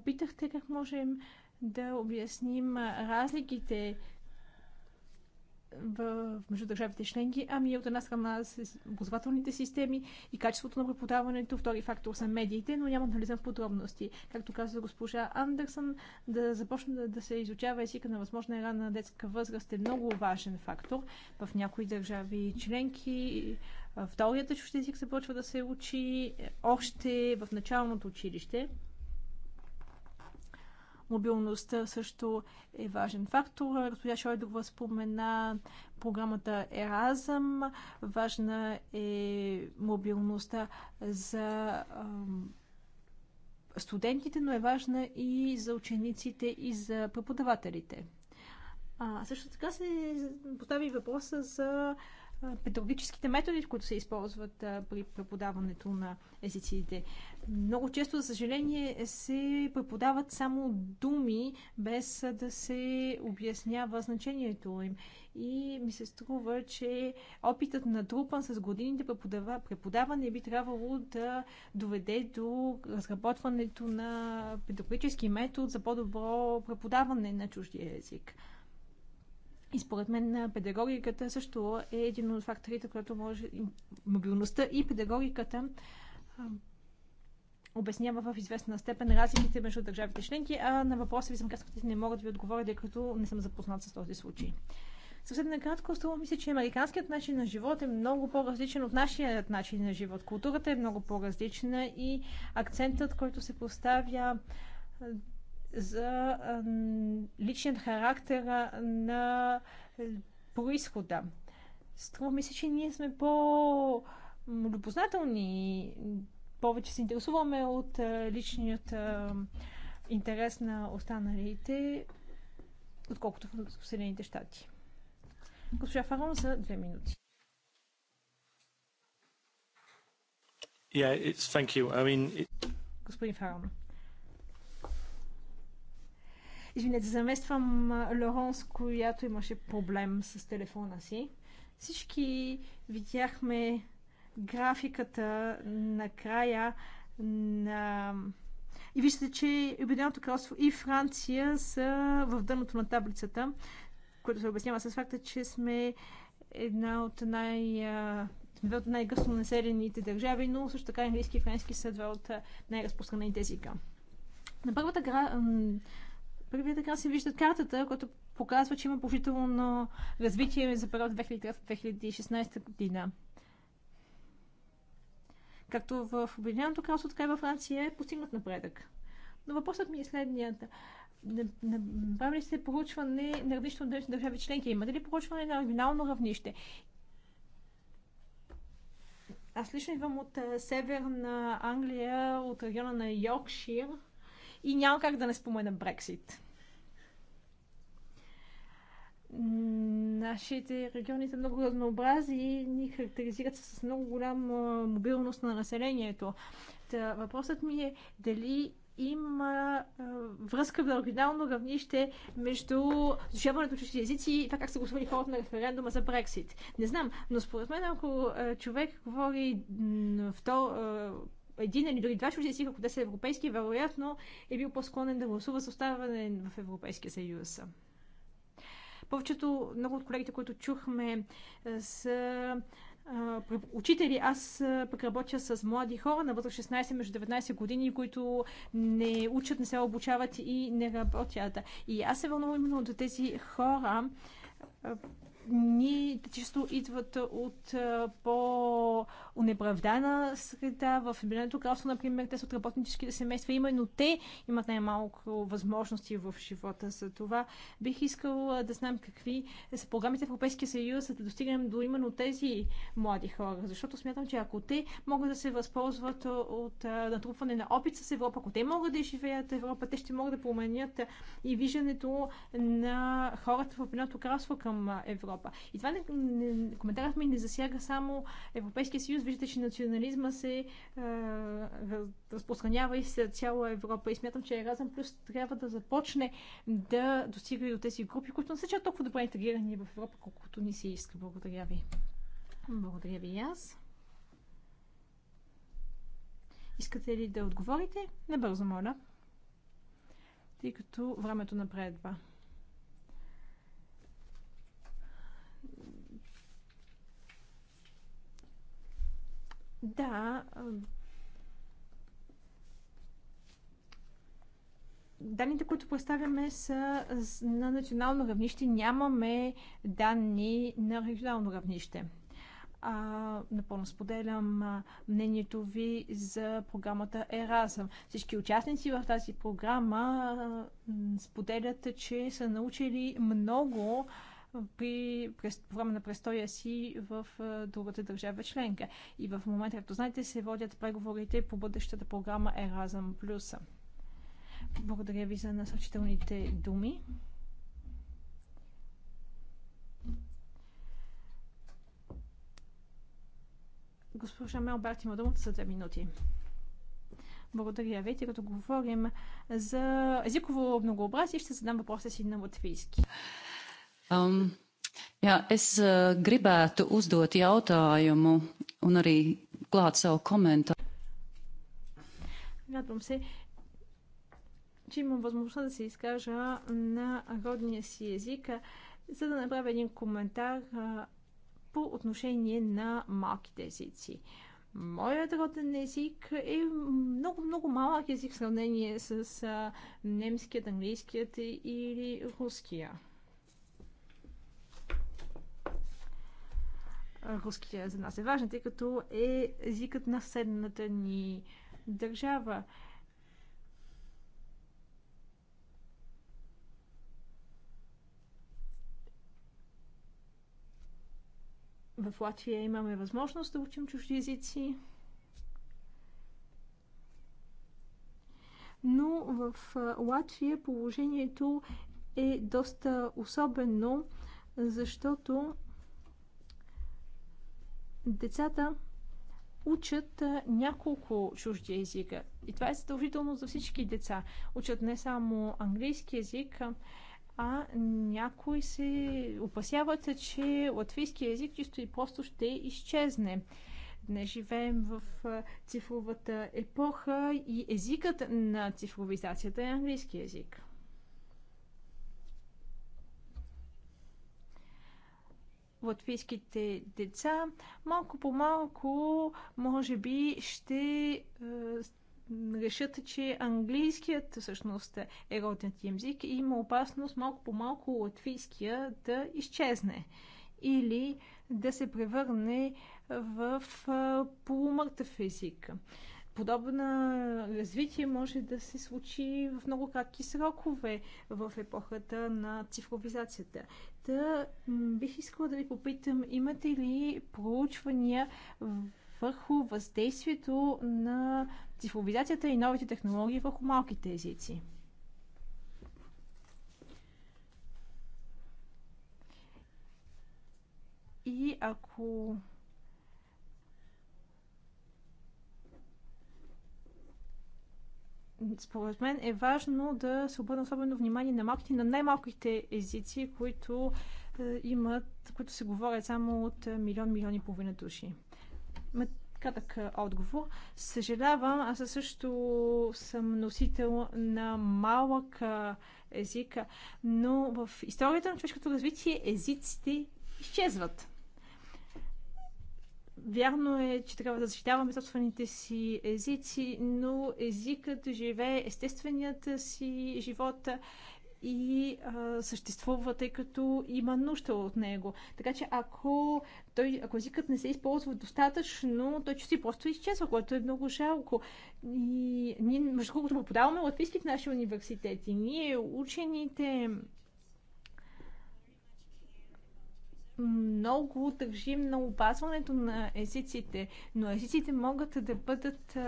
попитахте как можем да обясним разликите в, между държавите членки, ами от една страна с образователните системи и качеството на преподаването, втори фактор са медиите, но няма да влизам в подробности. Както каза госпожа Андерсън, да започне да, да се изучава езика на възможна рана детска възраст е много важен фактор. В някои държави членки вторият чужд език започва да се учи е, още в началното училище. Мобилността също е важен фактор. Господя Шойдова спомена програмата Еразъм. Важна е мобилността за студентите, но е важна и за учениците и за преподавателите. А, също така се постави въпроса за педагогическите методи, които се използват при преподаването на езиците много често, за съжаление, се преподават само думи, без да се обяснява значението им. И ми се струва, че опитът на трупан с годините преподава, преподаване би трябвало да доведе до разработването на педагогически метод за по-добро преподаване на чуждия език. И според мен педагогиката също е един от факторите, който може мобилността и педагогиката обяснява в известна степен разликите между държавите членки, а на въпроса ви съм че не мога да ви отговоря, тъй като не съм запознат с този случай. Съвсем накратко, струва ми се, че американският начин на живот е много по-различен от нашия начин на живот. Културата е много по-различна и акцентът, който се поставя за личният характер на происхода. Струва ми се, че ние сме по-любознателни повече се интересуваме от е, личният е, интерес на останалите, отколкото в Съединените щати. Госпожа Фарон за две минути.
Yeah, it's, thank you. I mean,
it... Господин Фарон. Извинете, замествам Лоронс, която имаше проблем с телефона си. Всички видяхме графиката на края на и виждате, че Обединеното кралство и Франция са в дъното на таблицата, което се обяснява с факта, че сме една от най- две от най-гъсно населените държави, но също така английски и френски са два от най-разпространените езика. На първата гра... Първият така се виждат картата, която показва, че има положително развитие за период 2003-2016 година както в Обединеното кралство, така и във Франция е постигнат напредък. Но въпросът ми е следният. Направи ли се поручване на равнището на държави членки? Имате ли поручване на оригинално равнище? Аз лично идвам от северна Англия, от региона на Йоркшир и няма как да не спомена Брексит. Нашите региони са много разнообрази и ни характеризират с много голяма мобилност на населението. Та, въпросът ми е дали има а, връзка на оригинално равнище между изучаването чужди езици и това как са гласували хората на референдума за Брексит. Не знам, но според мен, ако а, човек говори то, а, един или дори два чужди езика, ако те са европейски, вероятно е бил по-склонен да гласува за оставане в Европейския съюз. Повечето, много от колегите, които чухме, е, са е, учители. Аз е, пък работя с млади хора на възраст 16 между 19 години, които не учат, не се обучават и не работят. И аз се вълнувам именно от тези хора, ни често идват от по-унеправдана среда. В Обединеното кралство, например, те са от работническите семейства. Именно те имат най-малко възможности в живота. За това бих искал да знам какви са програмите в Европейския съюз, за да достигнем до именно тези млади хора. Защото смятам, че ако те могат да се възползват от натрупване на опит с Европа, ако те могат да изживеят Европа, те ще могат да променят и виждането на хората в Обединеното кралство към Европа. Европа. И това не, не, коментарът ми не засяга само Европейския съюз. Виждате, че национализма се е, разпространява и се цяла Европа. И смятам, че Еразъм Плюс трябва да започне да достига и до тези групи, които не са чак толкова добре интегрирани в Европа, колкото ни се иска. Благодаря ви. Благодаря ви и аз. Искате ли да отговорите? Не бързо, моля. Тъй като времето напредва. Да, данните, които представяме са на национално равнище, нямаме данни на регионално равнище. А, напълно споделям мнението ви за програмата Еразъм. Всички участници в тази програма а, споделят, че са научили много а, при, през, по време на престоя си в другата държава членка. И в момента, както знаете, се водят преговорите по бъдещата програма Еразъм Плюса. Благодаря ви за насочителните думи. Госпожа Мелбарт има думата за две минути. Благодаря ви. Тъй като говорим за езиково многообразие, ще задам въпроса си на латвийски.
Um, jā, es uh, gribētu uzdot jautājumu un arī klāt savu komentāru.
Радвам се, че имам възможността да се изкажа на родния си език, за да направя един коментар а, по отношение на малките езици. Моят роден език е много, много малък език в сравнение с а, немският, английският или руския. Руските за нас е важен, тъй като е езикът на седната ни държава. В Латвия имаме възможност да учим чужди езици. но в Латвия положението е доста особено, защото Децата учат няколко чужди езика. И това е задължително за всички деца. Учат не само английски език, а някои се опасяват, че латвийски език чисто и просто ще изчезне. Днес живеем в цифровата епоха и езикът на цифровизацията е английски език. латвийските деца, малко по малко, може би, ще е, решат, че английският всъщност е родният им език и има опасност малко по малко латвийския да изчезне или да се превърне в е, полумъртъв език подобна развитие може да се случи в много кратки срокове в епохата на цифровизацията. Та бих искала да ви попитам, имате ли проучвания върху въздействието на цифровизацията и новите технологии върху малките езици? И ако според мен е важно да се обърне особено внимание на малките, на най-малките езици, които е, имат, които се говорят само от е, милион, милион и половина души. Кратък е, отговор. Съжалявам, аз също съм носител на малък език, но в историята на човешкото развитие езиците изчезват. Вярно е, че трябва да защитаваме собствените си езици, но езикът живее естественият си живот и а, съществува, тъй като има нужда от него. Така че ако, той, ако езикът не се използва достатъчно, той че си просто изчезва, което е много жалко. И ние, между другото, преподаваме латвийски в нашите университети. Ние, учените, много държим на опазването на езиците, но езиците могат да бъдат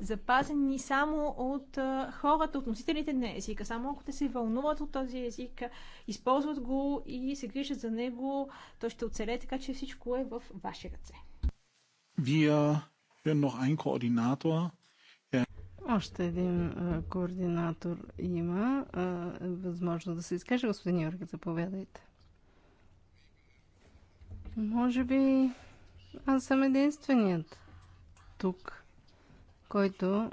запазени само от хората, от носителите на езика. Само ако те се вълнуват от този език, използват го и се грижат за него, той ще оцелее, така че всичко е в ваши ръце.
Wir hören noch einen
Още един координатор има възможност да се изкаже. Господин Йорги, заповядайте. Може би аз съм единственият тук, който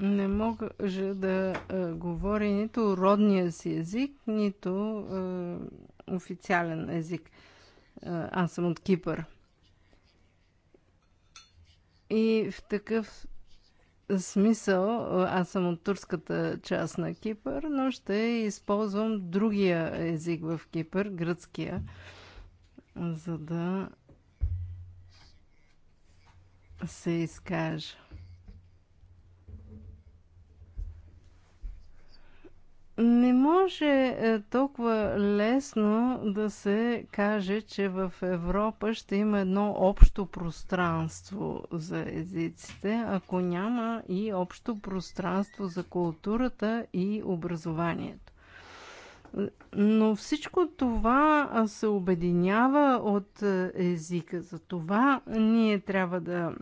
не мога да а, говори нито родния си език, нито а, официален език. А, аз съм от Кипър. И в такъв смисъл аз съм от турската част на Кипър, но ще използвам другия език в Кипър, гръцкия, за да се изкажа. може е, толкова лесно да се каже, че в Европа ще има едно общо пространство за езиците, ако няма и общо пространство за културата и образованието. Но всичко това се обединява от е, езика. За това ние трябва да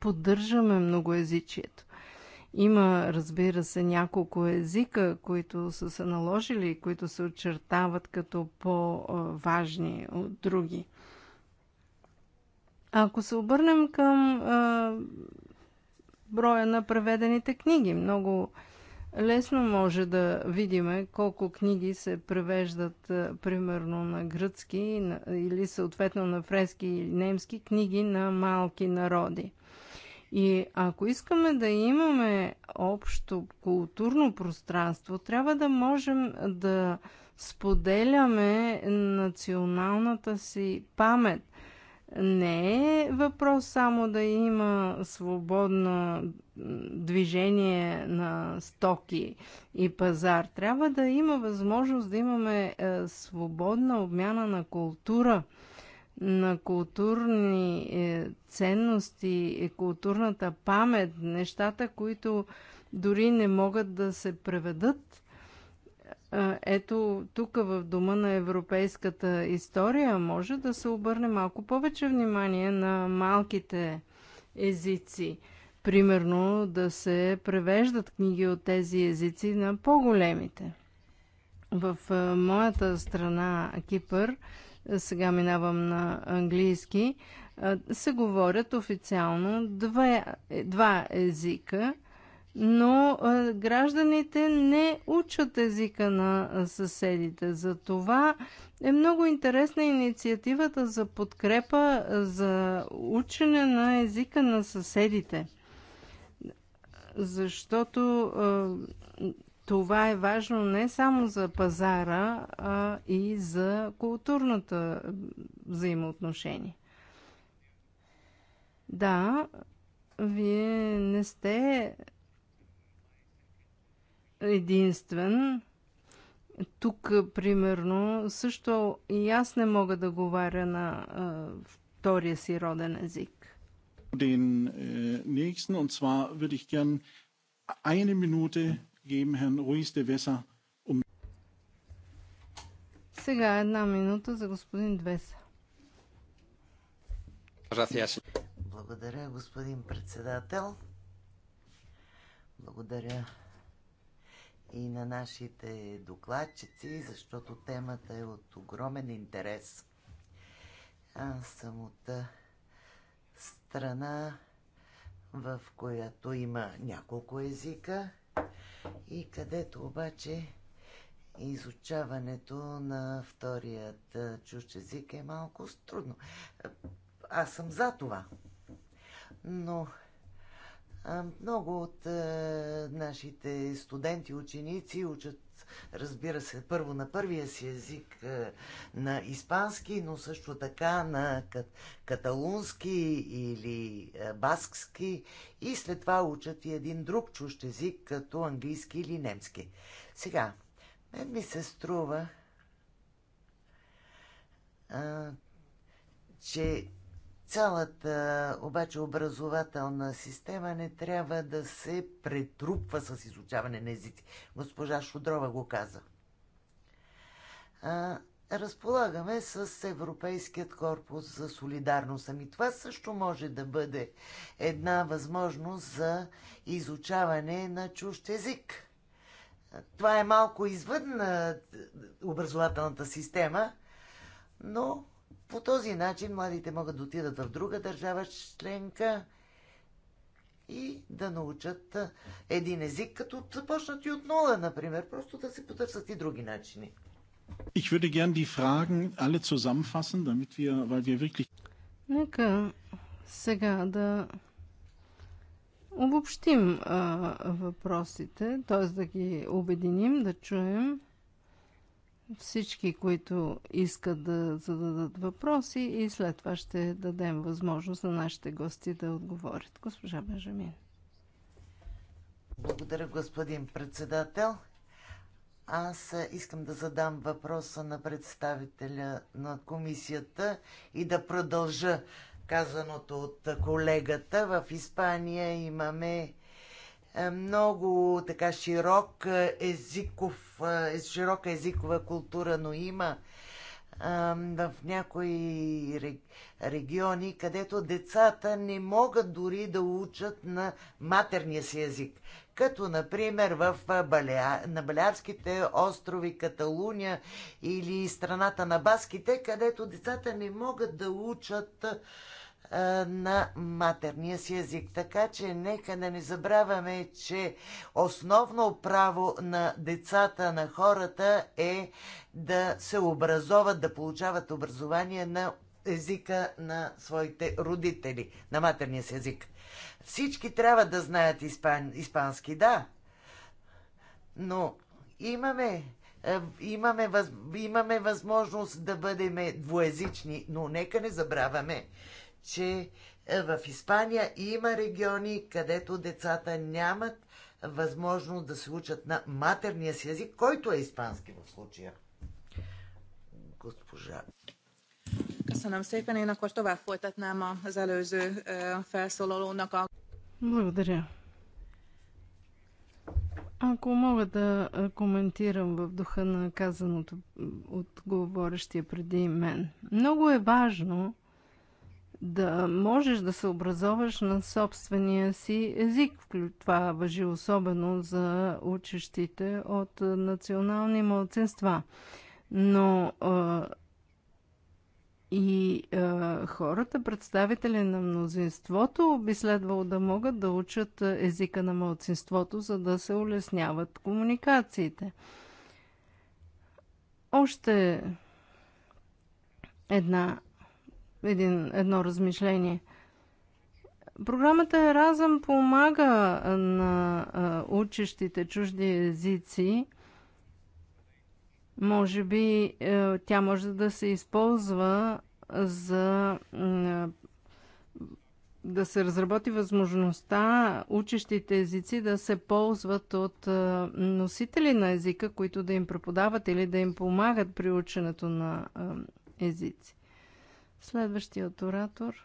поддържаме многоязичието. Има, разбира се, няколко езика, които са се наложили и които се очертават като по-важни от други. Ако се обърнем към а, броя на преведените книги, много лесно може да видим колко книги се превеждат а, примерно на гръцки на, или съответно на френски и немски книги на малки народи. И ако искаме да имаме общо културно пространство, трябва да можем да споделяме националната си памет. Не е въпрос само да има свободно движение на стоки и пазар. Трябва да има възможност да имаме е, свободна обмяна на култура – на културни е, ценности, културната памет, нещата, които дори не могат да се преведат. Ето, тук в Дома на европейската история може да се обърне малко повече внимание на малките езици. Примерно да се превеждат книги от тези езици на по-големите. В моята страна Кипър сега минавам на английски, се говорят официално два, два езика, но гражданите не учат езика на съседите. За това е много интересна инициативата за подкрепа за учене на езика на съседите. Защото това е важно не само за пазара, а и за културната взаимоотношение. Да, вие не сте единствен. Тук, примерно, също и аз не мога да говоря на а, втория си роден език.
Den äh, е, nächsten, und zwar würde ich gern eine Minute gegeben, Herrn Ruiz de Vesa.
Um...
Сега една минута за господин Двеса.
Благодаря, господин председател. Благодаря и на нашите докладчици, защото темата е от огромен интерес. Аз съм от страна, в която има няколко езика и където обаче изучаването на вторият чужд език е малко трудно. Аз съм за това. Но много от нашите студенти, ученици учат разбира се, първо на първия си език е, на испански, но също така на каталунски или е, баскски и след това учат и един друг чущ език, като английски или немски. Сега, мен ми се струва, а, че Цялата обаче образователна система не трябва да се претрупва с изучаване на езици. Госпожа Шудрова го каза. А, разполагаме с Европейският корпус за солидарност. Ами това също може да бъде една възможност за изучаване на чужд език. Това е малко извън образователната система, но по този начин младите могат да отидат в друга държава членка и да научат един език, като започнат и от нула, например. Просто да се потърсят и други начини.
Ich würde gern die Fragen alle zusammenfassen, damit wir, weil wir wirklich...
Нека сега да обобщим а, въпросите, т.е. да ги обединим, да чуем всички, които искат да зададат въпроси и след това ще дадем възможност на нашите гости да отговорят. Госпожа Бежамин.
Благодаря, господин председател. Аз искам да задам въпроса на представителя на комисията и да продължа казаното от колегата. В Испания имаме е много така широк е, езиков, е, широка езикова култура, но има в някои региони, където децата не могат дори да учат на матерния си език. Като, например, в Балеар, на Балярските острови, Каталуния или страната на Баските, където децата не могат да учат на матерния си език. Така че нека да не забравяме, че основно право на децата, на хората е да се образоват, да получават образование на езика на своите родители, на матерния си език. Всички трябва да знаят испан, испански, да, но имаме е, имаме, имаме възможност да бъдем двоязични, но нека не забравяме, че е, в Испания има региони, където децата нямат възможност да се учат на матерния си език, който е испански в случая. Госпожа.
Köszönöm szépen, én akkor tovább folytatnám az előző felszólalónak a...
Благодаря. Ако мога да е, коментирам в духа на казаното от говорещия преди мен. Много е важно, да можеш да се образоваш на собствения си език. Това въжи особено за учещите от национални младсинства. Но а, и а, хората, представители на мнозинството, би следвало да могат да учат езика на младсинството, за да се улесняват комуникациите. Още една един, едно размишление. Програмата Еразъм помага на учещите чужди езици. Може би тя може да се използва за да се разработи възможността учещите езици да се ползват от носители на езика, които да им преподават или да им помагат при ученето на езици. Следващият оратор.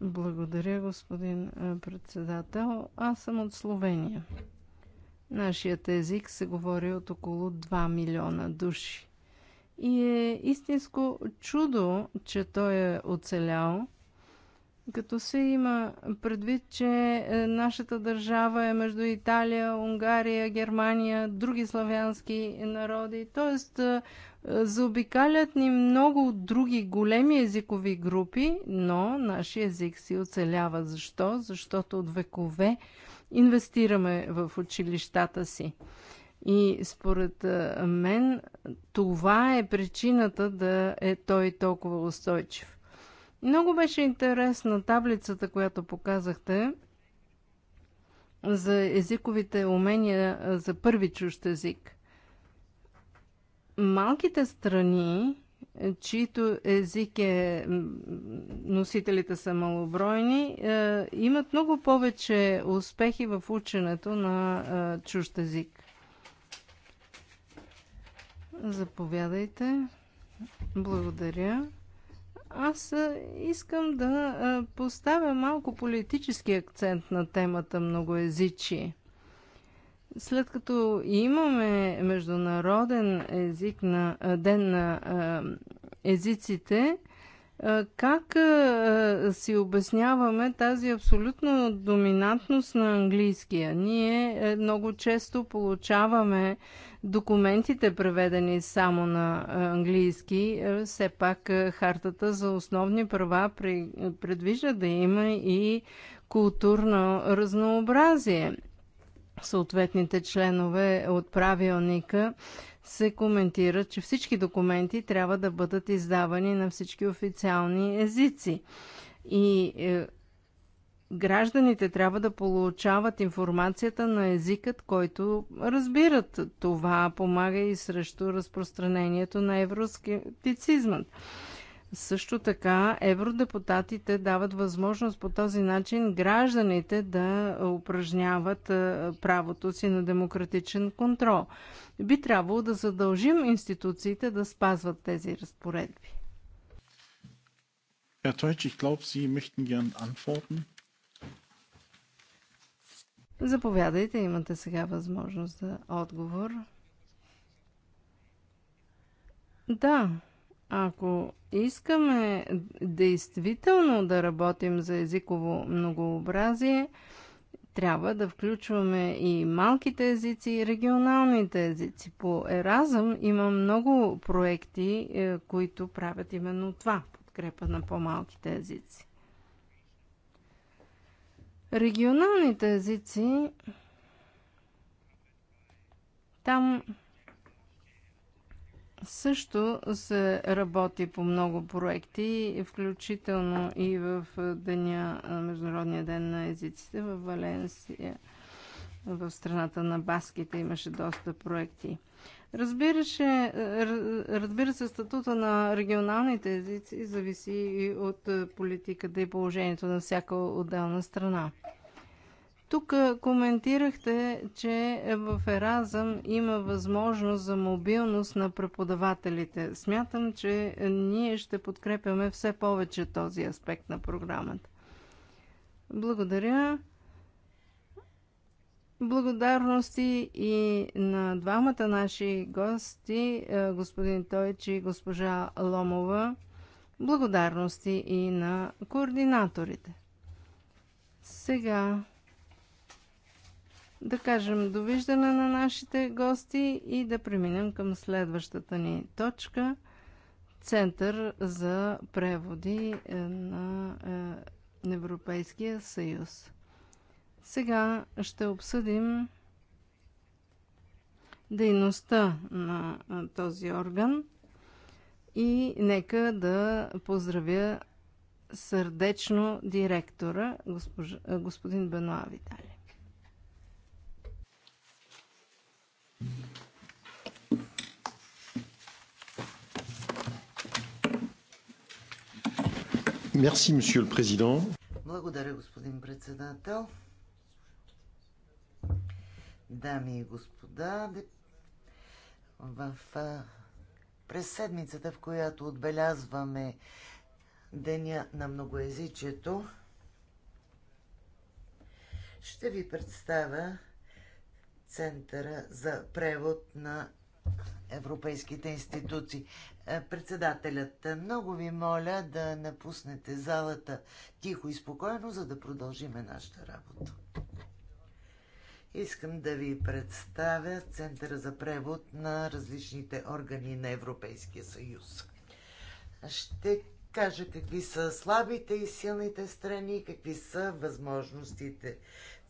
Благодаря, господин председател. Аз съм от Словения. Нашият език се говори от около 2 милиона души. И е истинско чудо, че той е оцелял – като се има предвид, че е, нашата държава е между Италия, Унгария, Германия, други славянски народи, т.е. Е, заобикалят ни много други големи езикови групи, но нашия език си оцелява. Защо? Защото от векове инвестираме в училищата си. И според е, мен това е причината да е той толкова устойчив. Много беше интересна таблицата, която показахте за езиковите умения за първи чущ език. Малките страни, е, чието език е, носителите са малобройни, е, имат много повече успехи в ученето на е, чужд език. Заповядайте. Благодаря. Аз искам да поставя малко политически акцент на темата многоязичие. След като имаме Международен език на, ден на езиците, как си обясняваме тази абсолютна доминантност на английския? Ние е, много често получаваме документите, преведени само на английски, все пак хартата за основни права предвижда да има и културно разнообразие. Съответните членове от правилника се коментира, че всички документи трябва да бъдат издавани на всички официални езици. И е, Гражданите трябва да получават информацията на езикът, който разбират. Това помага и срещу разпространението на евроскептицизмът. Също така, евродепутатите дават възможност по този начин гражданите да упражняват правото си на демократичен контрол. Би трябвало да задължим институциите да спазват тези разпоредби.
Herr Teutsch, ich glaube, Sie möchten gern antworten.
Заповядайте, имате сега възможност за отговор. Да, ако искаме действително да работим за езиково многообразие, трябва да включваме и малките езици, и регионалните езици. По Еразъм има много проекти, е, които правят именно това подкрепа на по-малките езици. Регионалните езици там също се работи по много проекти, включително и в деня, Международния ден на езиците в Валенсия, в страната на баските имаше доста проекти. Разбира се, е, разбира се, статута на регионалните езици зависи и от е, политиката и положението на всяка отделна страна. Тук е, коментирахте, че в Еразъм има възможност за мобилност на преподавателите. Смятам, че ние ще подкрепяме все повече този аспект на програмата. Благодаря. Благодарности и на двамата наши гости, е, господин Тойч и госпожа Ломова. Благодарности и на координаторите. Сега да кажем довиждане на нашите гости и да преминем към следващата ни точка Център за преводи е, на е, Европейския съюз. Сега ще обсъдим дейността на този орган и нека да поздравя сърдечно директора, господин Бенуа Виталик.
Благодаря, господин председател дами и господа, в, през седмицата, в която отбелязваме Деня на многоязичието, ще ви представя Центъра за превод на европейските институции. Е, председателят, много ви моля да напуснете залата тихо и спокойно, за да продължиме нашата работа. Искам да ви представя Центъра за превод на различните органи на Европейския съюз. Ще кажа какви са слабите и силните страни, какви са възможностите.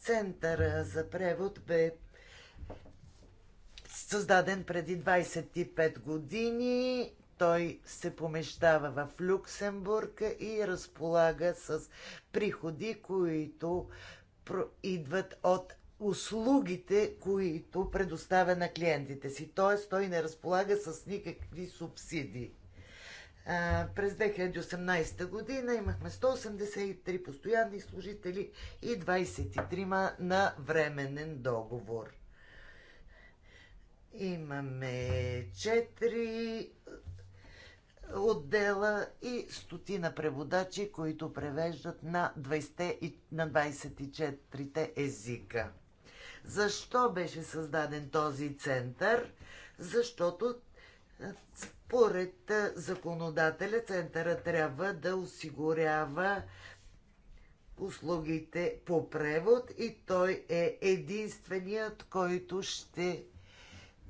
Центъра за превод бе създаден преди 25 години. Той се помещава в Люксембург и разполага с приходи, които идват от услугите, които предоставя на клиентите си. Т.е. той не разполага с никакви субсидии. през 2018 година имахме 183 постоянни служители и 23 на временен договор. Имаме 4 отдела и стотина преводачи, които превеждат на, на 24-те езика. Защо беше създаден този център? Защото е, според е, законодателя центъра трябва да осигурява услугите по превод и той е единственият, който ще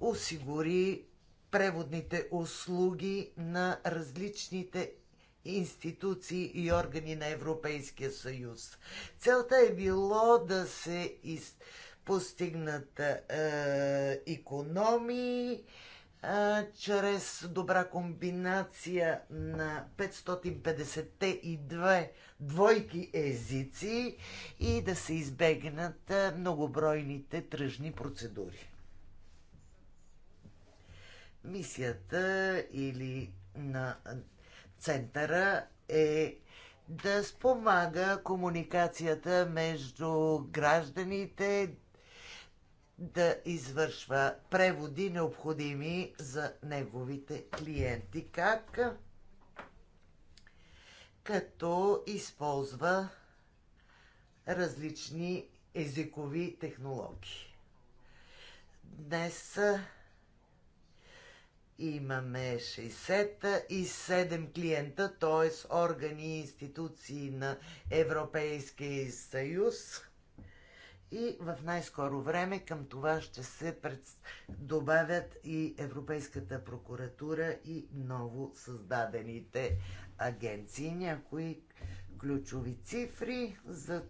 осигури преводните услуги на различните институции и органи на Европейския съюз. Целта е било да се из постигнат економии е, чрез добра комбинация на 552 двойки езици и да се избегнат е, многобройните тръжни процедури. Мисията е, или на центъра е да спомага комуникацията между гражданите, да извършва преводи необходими за неговите клиенти. Как? Като използва различни езикови технологии. Днес имаме 60 и 7 клиента, т.е. органи и институции на Европейския съюз – и в най-скоро време към това ще се пред... добавят и Европейската прокуратура и ново създадените агенции. Някои ключови цифри за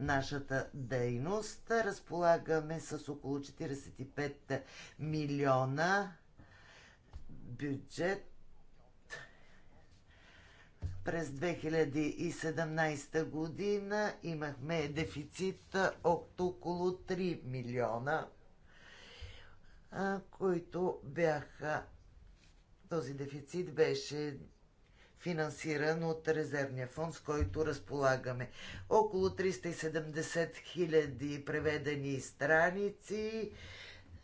нашата дейност. Разполагаме с около 45 милиона бюджет през 2017 година имахме дефицит от около 3 милиона, които бяха. Този дефицит беше финансиран от резервния фонд, с който разполагаме. Около 370 хиляди преведени страници,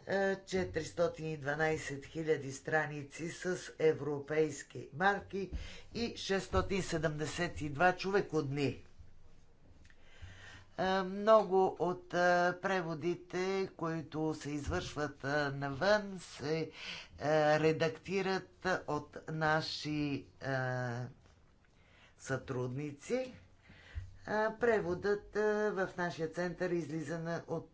412 000 страници с европейски марки и 672 човекодни. Е, много от е, преводите, които се извършват е, навън, се редактират от наши сътрудници. Преводът в нашия център излиза от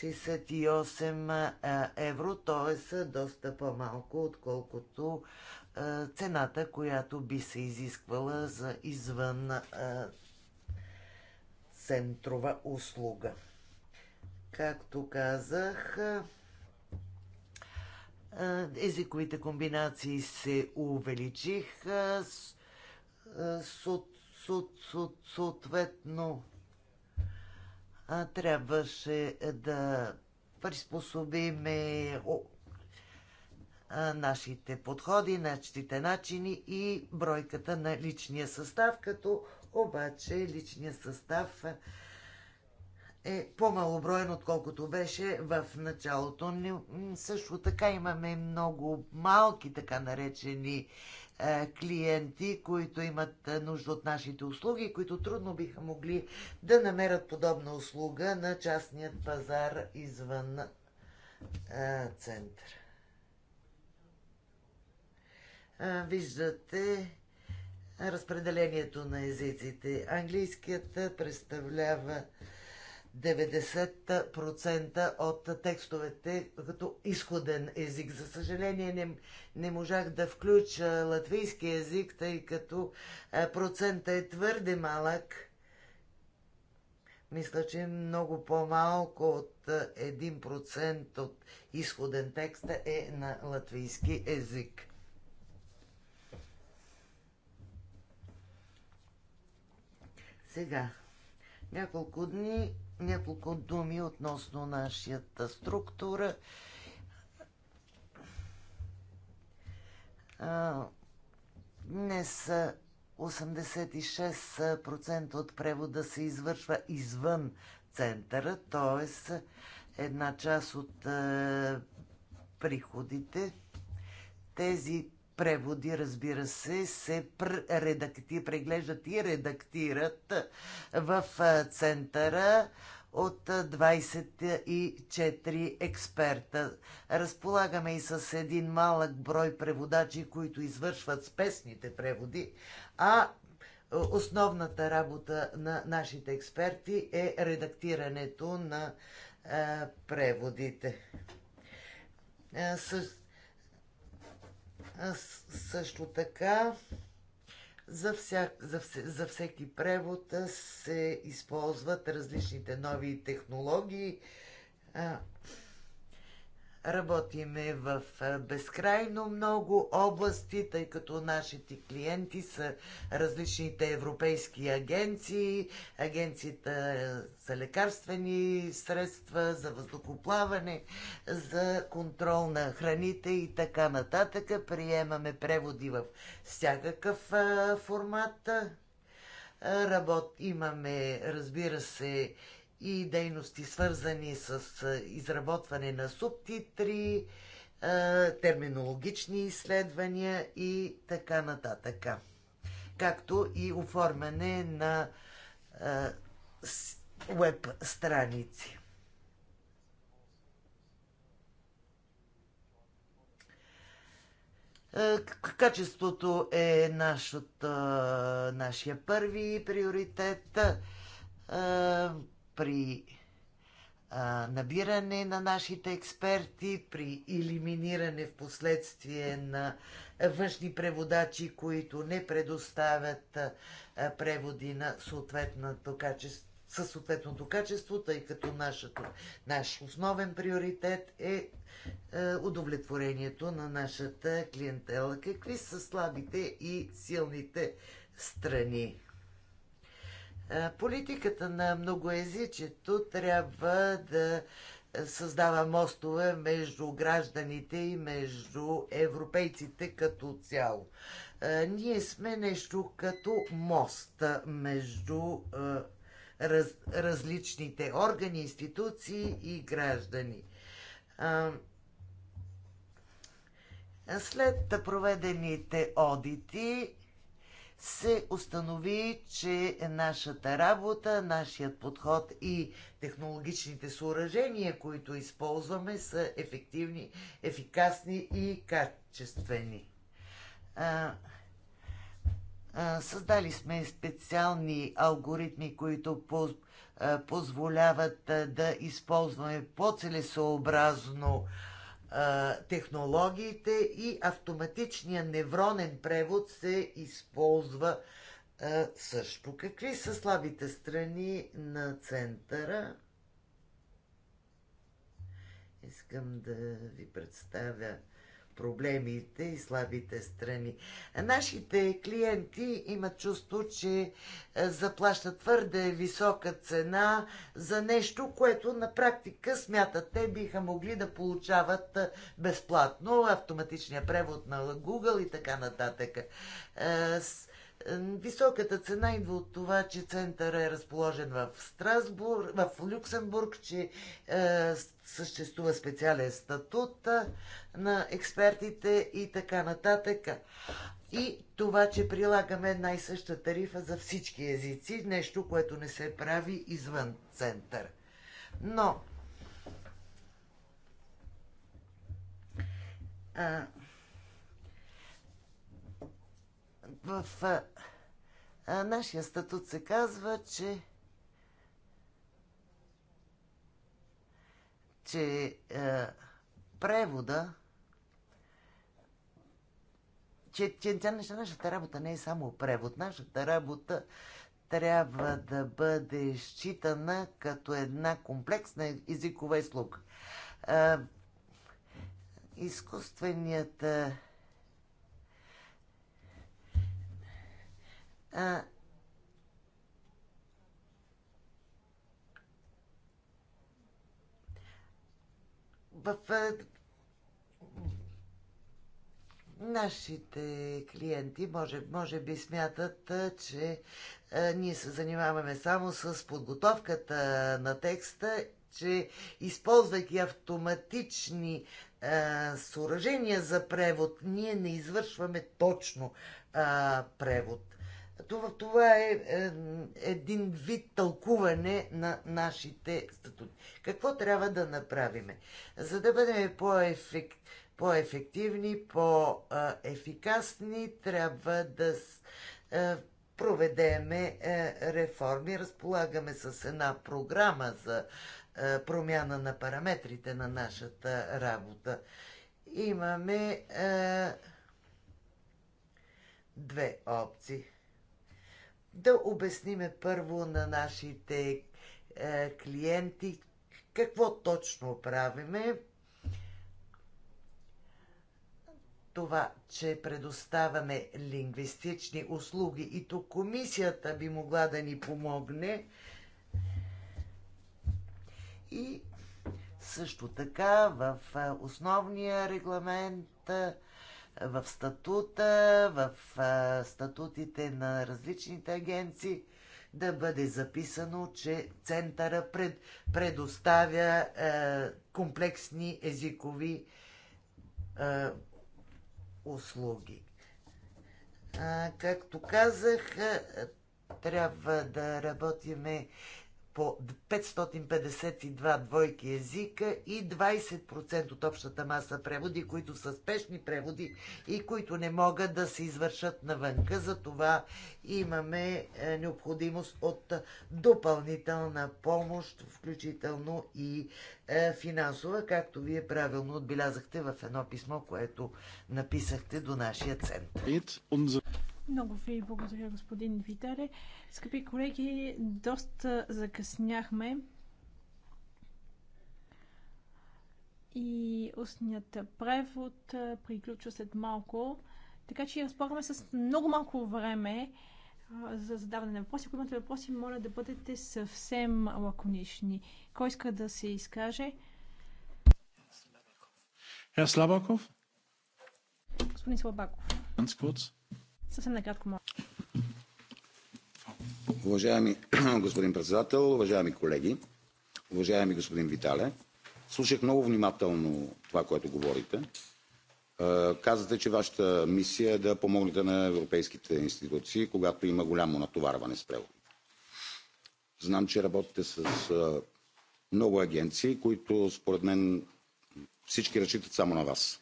68 евро, т.е. доста по-малко, отколкото цената, която би се изисквала за извън центрова услуга. Както казах, езиковите комбинации се увеличиха, съответно трябваше да приспособиме нашите подходи, нашите начини и бройката на личния състав, като обаче личния състав е, е по-малоброен, отколкото беше в началото. Също така имаме много малки така наречени е, клиенти, които имат е, нужда от нашите услуги, които трудно биха могли да намерят подобна услуга на частният пазар извън е, център. Виждате разпределението на езиците. Английският представлява 90% от текстовете като изходен език. За съжаление не, не можах да включа латвийски език, тъй като процента е твърде малък. Мисля, че много по-малко от 1% от изходен текст е на латвийски език. Сега, няколко дни няколко думи относно нашата структура. Днес 86% от превода се извършва извън центъра, т.е. една част от приходите. Тези преводи, разбира се, се редакти, преглеждат и редактират в центъра от 24 експерта. Разполагаме и с един малък брой преводачи, които извършват спесните преводи, а основната работа на нашите експерти е редактирането на преводите. Също така за, вся, за, за всеки превод се използват различните нови технологии. А, Работиме в безкрайно много области, тъй като нашите клиенти са различните европейски агенции, агенцията е, за лекарствени средства, за въздухоплаване, за контрол на храните и така нататък. Приемаме преводи в всякакъв формат. Работ... Имаме, разбира се, и дейности, свързани с изработване на субтитри, терминологични изследвания и така нататък. Както и оформяне на веб страници. Качеството е нашата, нашия първи приоритет при а, набиране на нашите експерти, при елиминиране в последствие на външни преводачи, които не предоставят а, преводи на съответното качество със съответното качество, тъй като нашето, наш основен приоритет е, е удовлетворението на нашата клиентела. Какви са слабите и силните страни? Е, политиката на многоязичието трябва да създава мостове между гражданите и между европейците като цяло. Е, ние сме нещо като мост между е, раз, различните органи, институции и граждани. След проведените одити се установи, че нашата работа, нашият подход и технологичните съоръжения, които използваме, са ефективни, ефикасни и качествени. създали сме специални алгоритми, които позволяват да използваме по-целесообразно технологиите и автоматичния невронен превод се използва също. Какви са слабите страни на центъра? Искам да ви представя проблемите и слабите страни. Нашите клиенти имат чувство, че е, заплащат твърде висока цена за нещо, което на практика смятат те биха могли да получават е, безплатно автоматичния превод на Google и така нататък. Е, Високата цена идва от това, че център е разположен в Страсбург, в Люксембург, че е, съществува специален статут е, на експертите и така нататък. И това, че прилагаме една и съща тарифа за всички езици, нещо, което не се прави извън център. Но. А, в а, нашия статут се казва, че че а, превода че, че, че нашата работа не е само превод. Нашата работа трябва да бъде считана като една комплексна езикова изслуга. Изкуственият А, в а, нашите клиенти може, може би смятат, че а, ние се занимаваме само с подготовката на текста, че използвайки автоматични а, съоръжения за превод, ние не извършваме точно а, превод. Това, това е, е един вид тълкуване на нашите статути. Какво трябва да направим? За да бъдем по-ефект, по-ефективни, по-ефикасни, трябва да е, проведеме е, реформи. Разполагаме с една програма за е, промяна на параметрите на нашата работа. Имаме е, две опции да обясниме първо на нашите е, клиенти какво точно правиме. Това, че предоставяме лингвистични услуги и тук комисията би могла да ни помогне. И също така в е, основния регламент е, в статута, в статутите на различните агенции да бъде записано, че центъра пред, предоставя а, е, комплексни езикови а, е, услуги. А, както казах, е, трябва да работиме по 552 двойки езика и 20% от общата маса преводи, които са спешни преводи и които не могат да се извършат навънка. За това имаме е, необходимост от допълнителна помощ, включително и е, финансова, както вие правилно отбелязахте в едно писмо, което написахте до нашия център.
Много ви благодаря, господин Витаре. Скъпи колеги, доста закъсняхме. И устният превод приключва след малко. Така че разполагаме с много малко време за задаване на въпроси. Ако имате въпроси, моля да бъдете съвсем лаконични. Кой иска да се изкаже?
Господин Слабаков?
Господин Слабаков. Съвсем накратко, моля.
Уважаеми <clears throat> господин председател, уважаеми колеги, уважаеми господин Витале, слушах много внимателно това, което говорите. Е, казвате, че вашата мисия е да помогнете на европейските институции, когато има голямо натоварване с превод. Знам, че работите с е, много агенции, които според мен всички разчитат само на вас.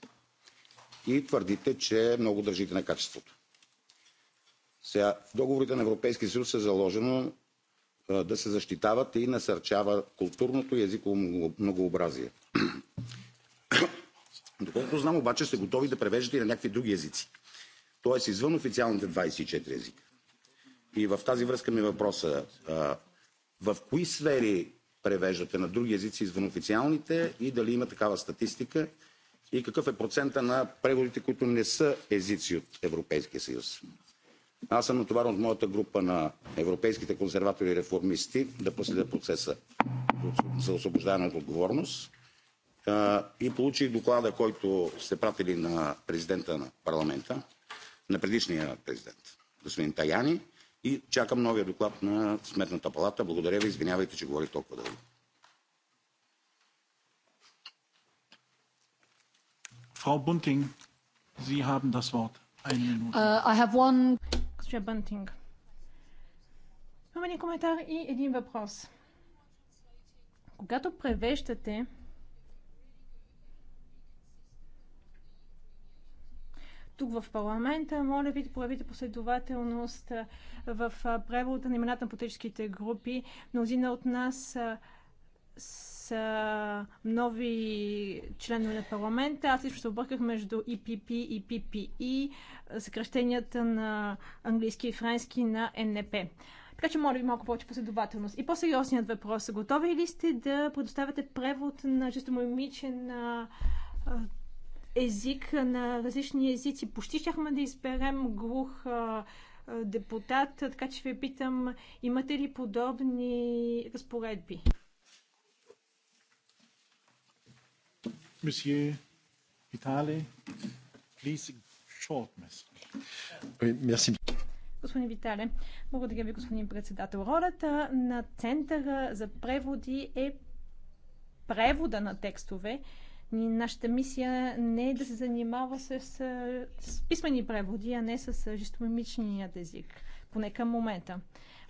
И твърдите, че много държите на качеството. Сега, в договорите на Европейския съюз е заложено да се защитават и насърчава културното и езиково многообразие. <coughs> Доколкото знам, обаче сте готови да превеждате и на някакви други езици. Тоест извън официалните 24 езика. И в тази връзка ми е въпроса. В кои сфери превеждате на други езици извън официалните и дали има такава статистика? И какъв е процента на преводите, които не са езици от Европейския съюз? Аз съм натоварен от моята група на европейските консерватори и реформисти да последя процеса за освобождаване от отговорност и получих доклада, който сте пратили на президента на парламента, на предишния президент, господин Таяни, и чакам новия доклад на Сметната палата. Благодаря ви, извинявайте, че говорих толкова дълго.
Frau Bunting, Sie haben das Wort. Eine Minute.
Uh, I have one Austria Bunting. Имаме един коментар и един въпрос. Когато превещате тук в парламента. Моля ви да проявите последователност в превода на имената на политическите групи. Мнозина от нас а, нови членове на парламента. Аз лично се обърках между EPP и PPE, съкръщенията на английски и френски на НП. Е. Така че моля ви малко повече последователност. И по-сериозният въпрос. Готови ли сте да предоставяте превод на честомимичен език на различни езици? Почти щяхме да изберем глух депутат, така че ви питам, имате ли подобни разпоредби?
Monsieur Vitale, please short message.
Господин Витале, благодаря ви, господин председател. Ролята на Центъра за преводи е превода на текстове. Нашата мисия не е да се занимава с, с, с писмени преводи, а не с жестомимичният език, поне към момента.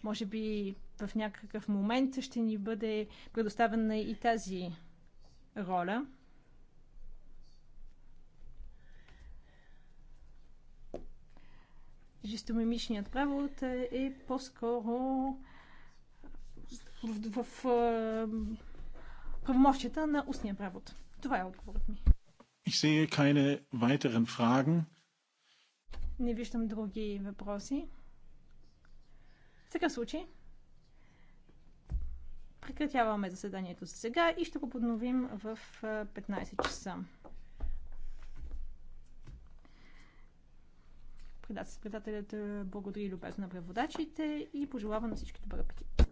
Може би в някакъв момент ще ни бъде предоставена и тази роля. жестомимичният превод е, е по-скоро в, в, в правомощията на устния превод. Това е отговорът ми.
Ich sehe keine weiteren Fragen.
Не виждам други въпроси. В такъв случай прекратяваме заседанието за сега и ще го подновим в 15 часа. предателят, е, благодари любезно на преводачите и пожелава на
всички добър апетит.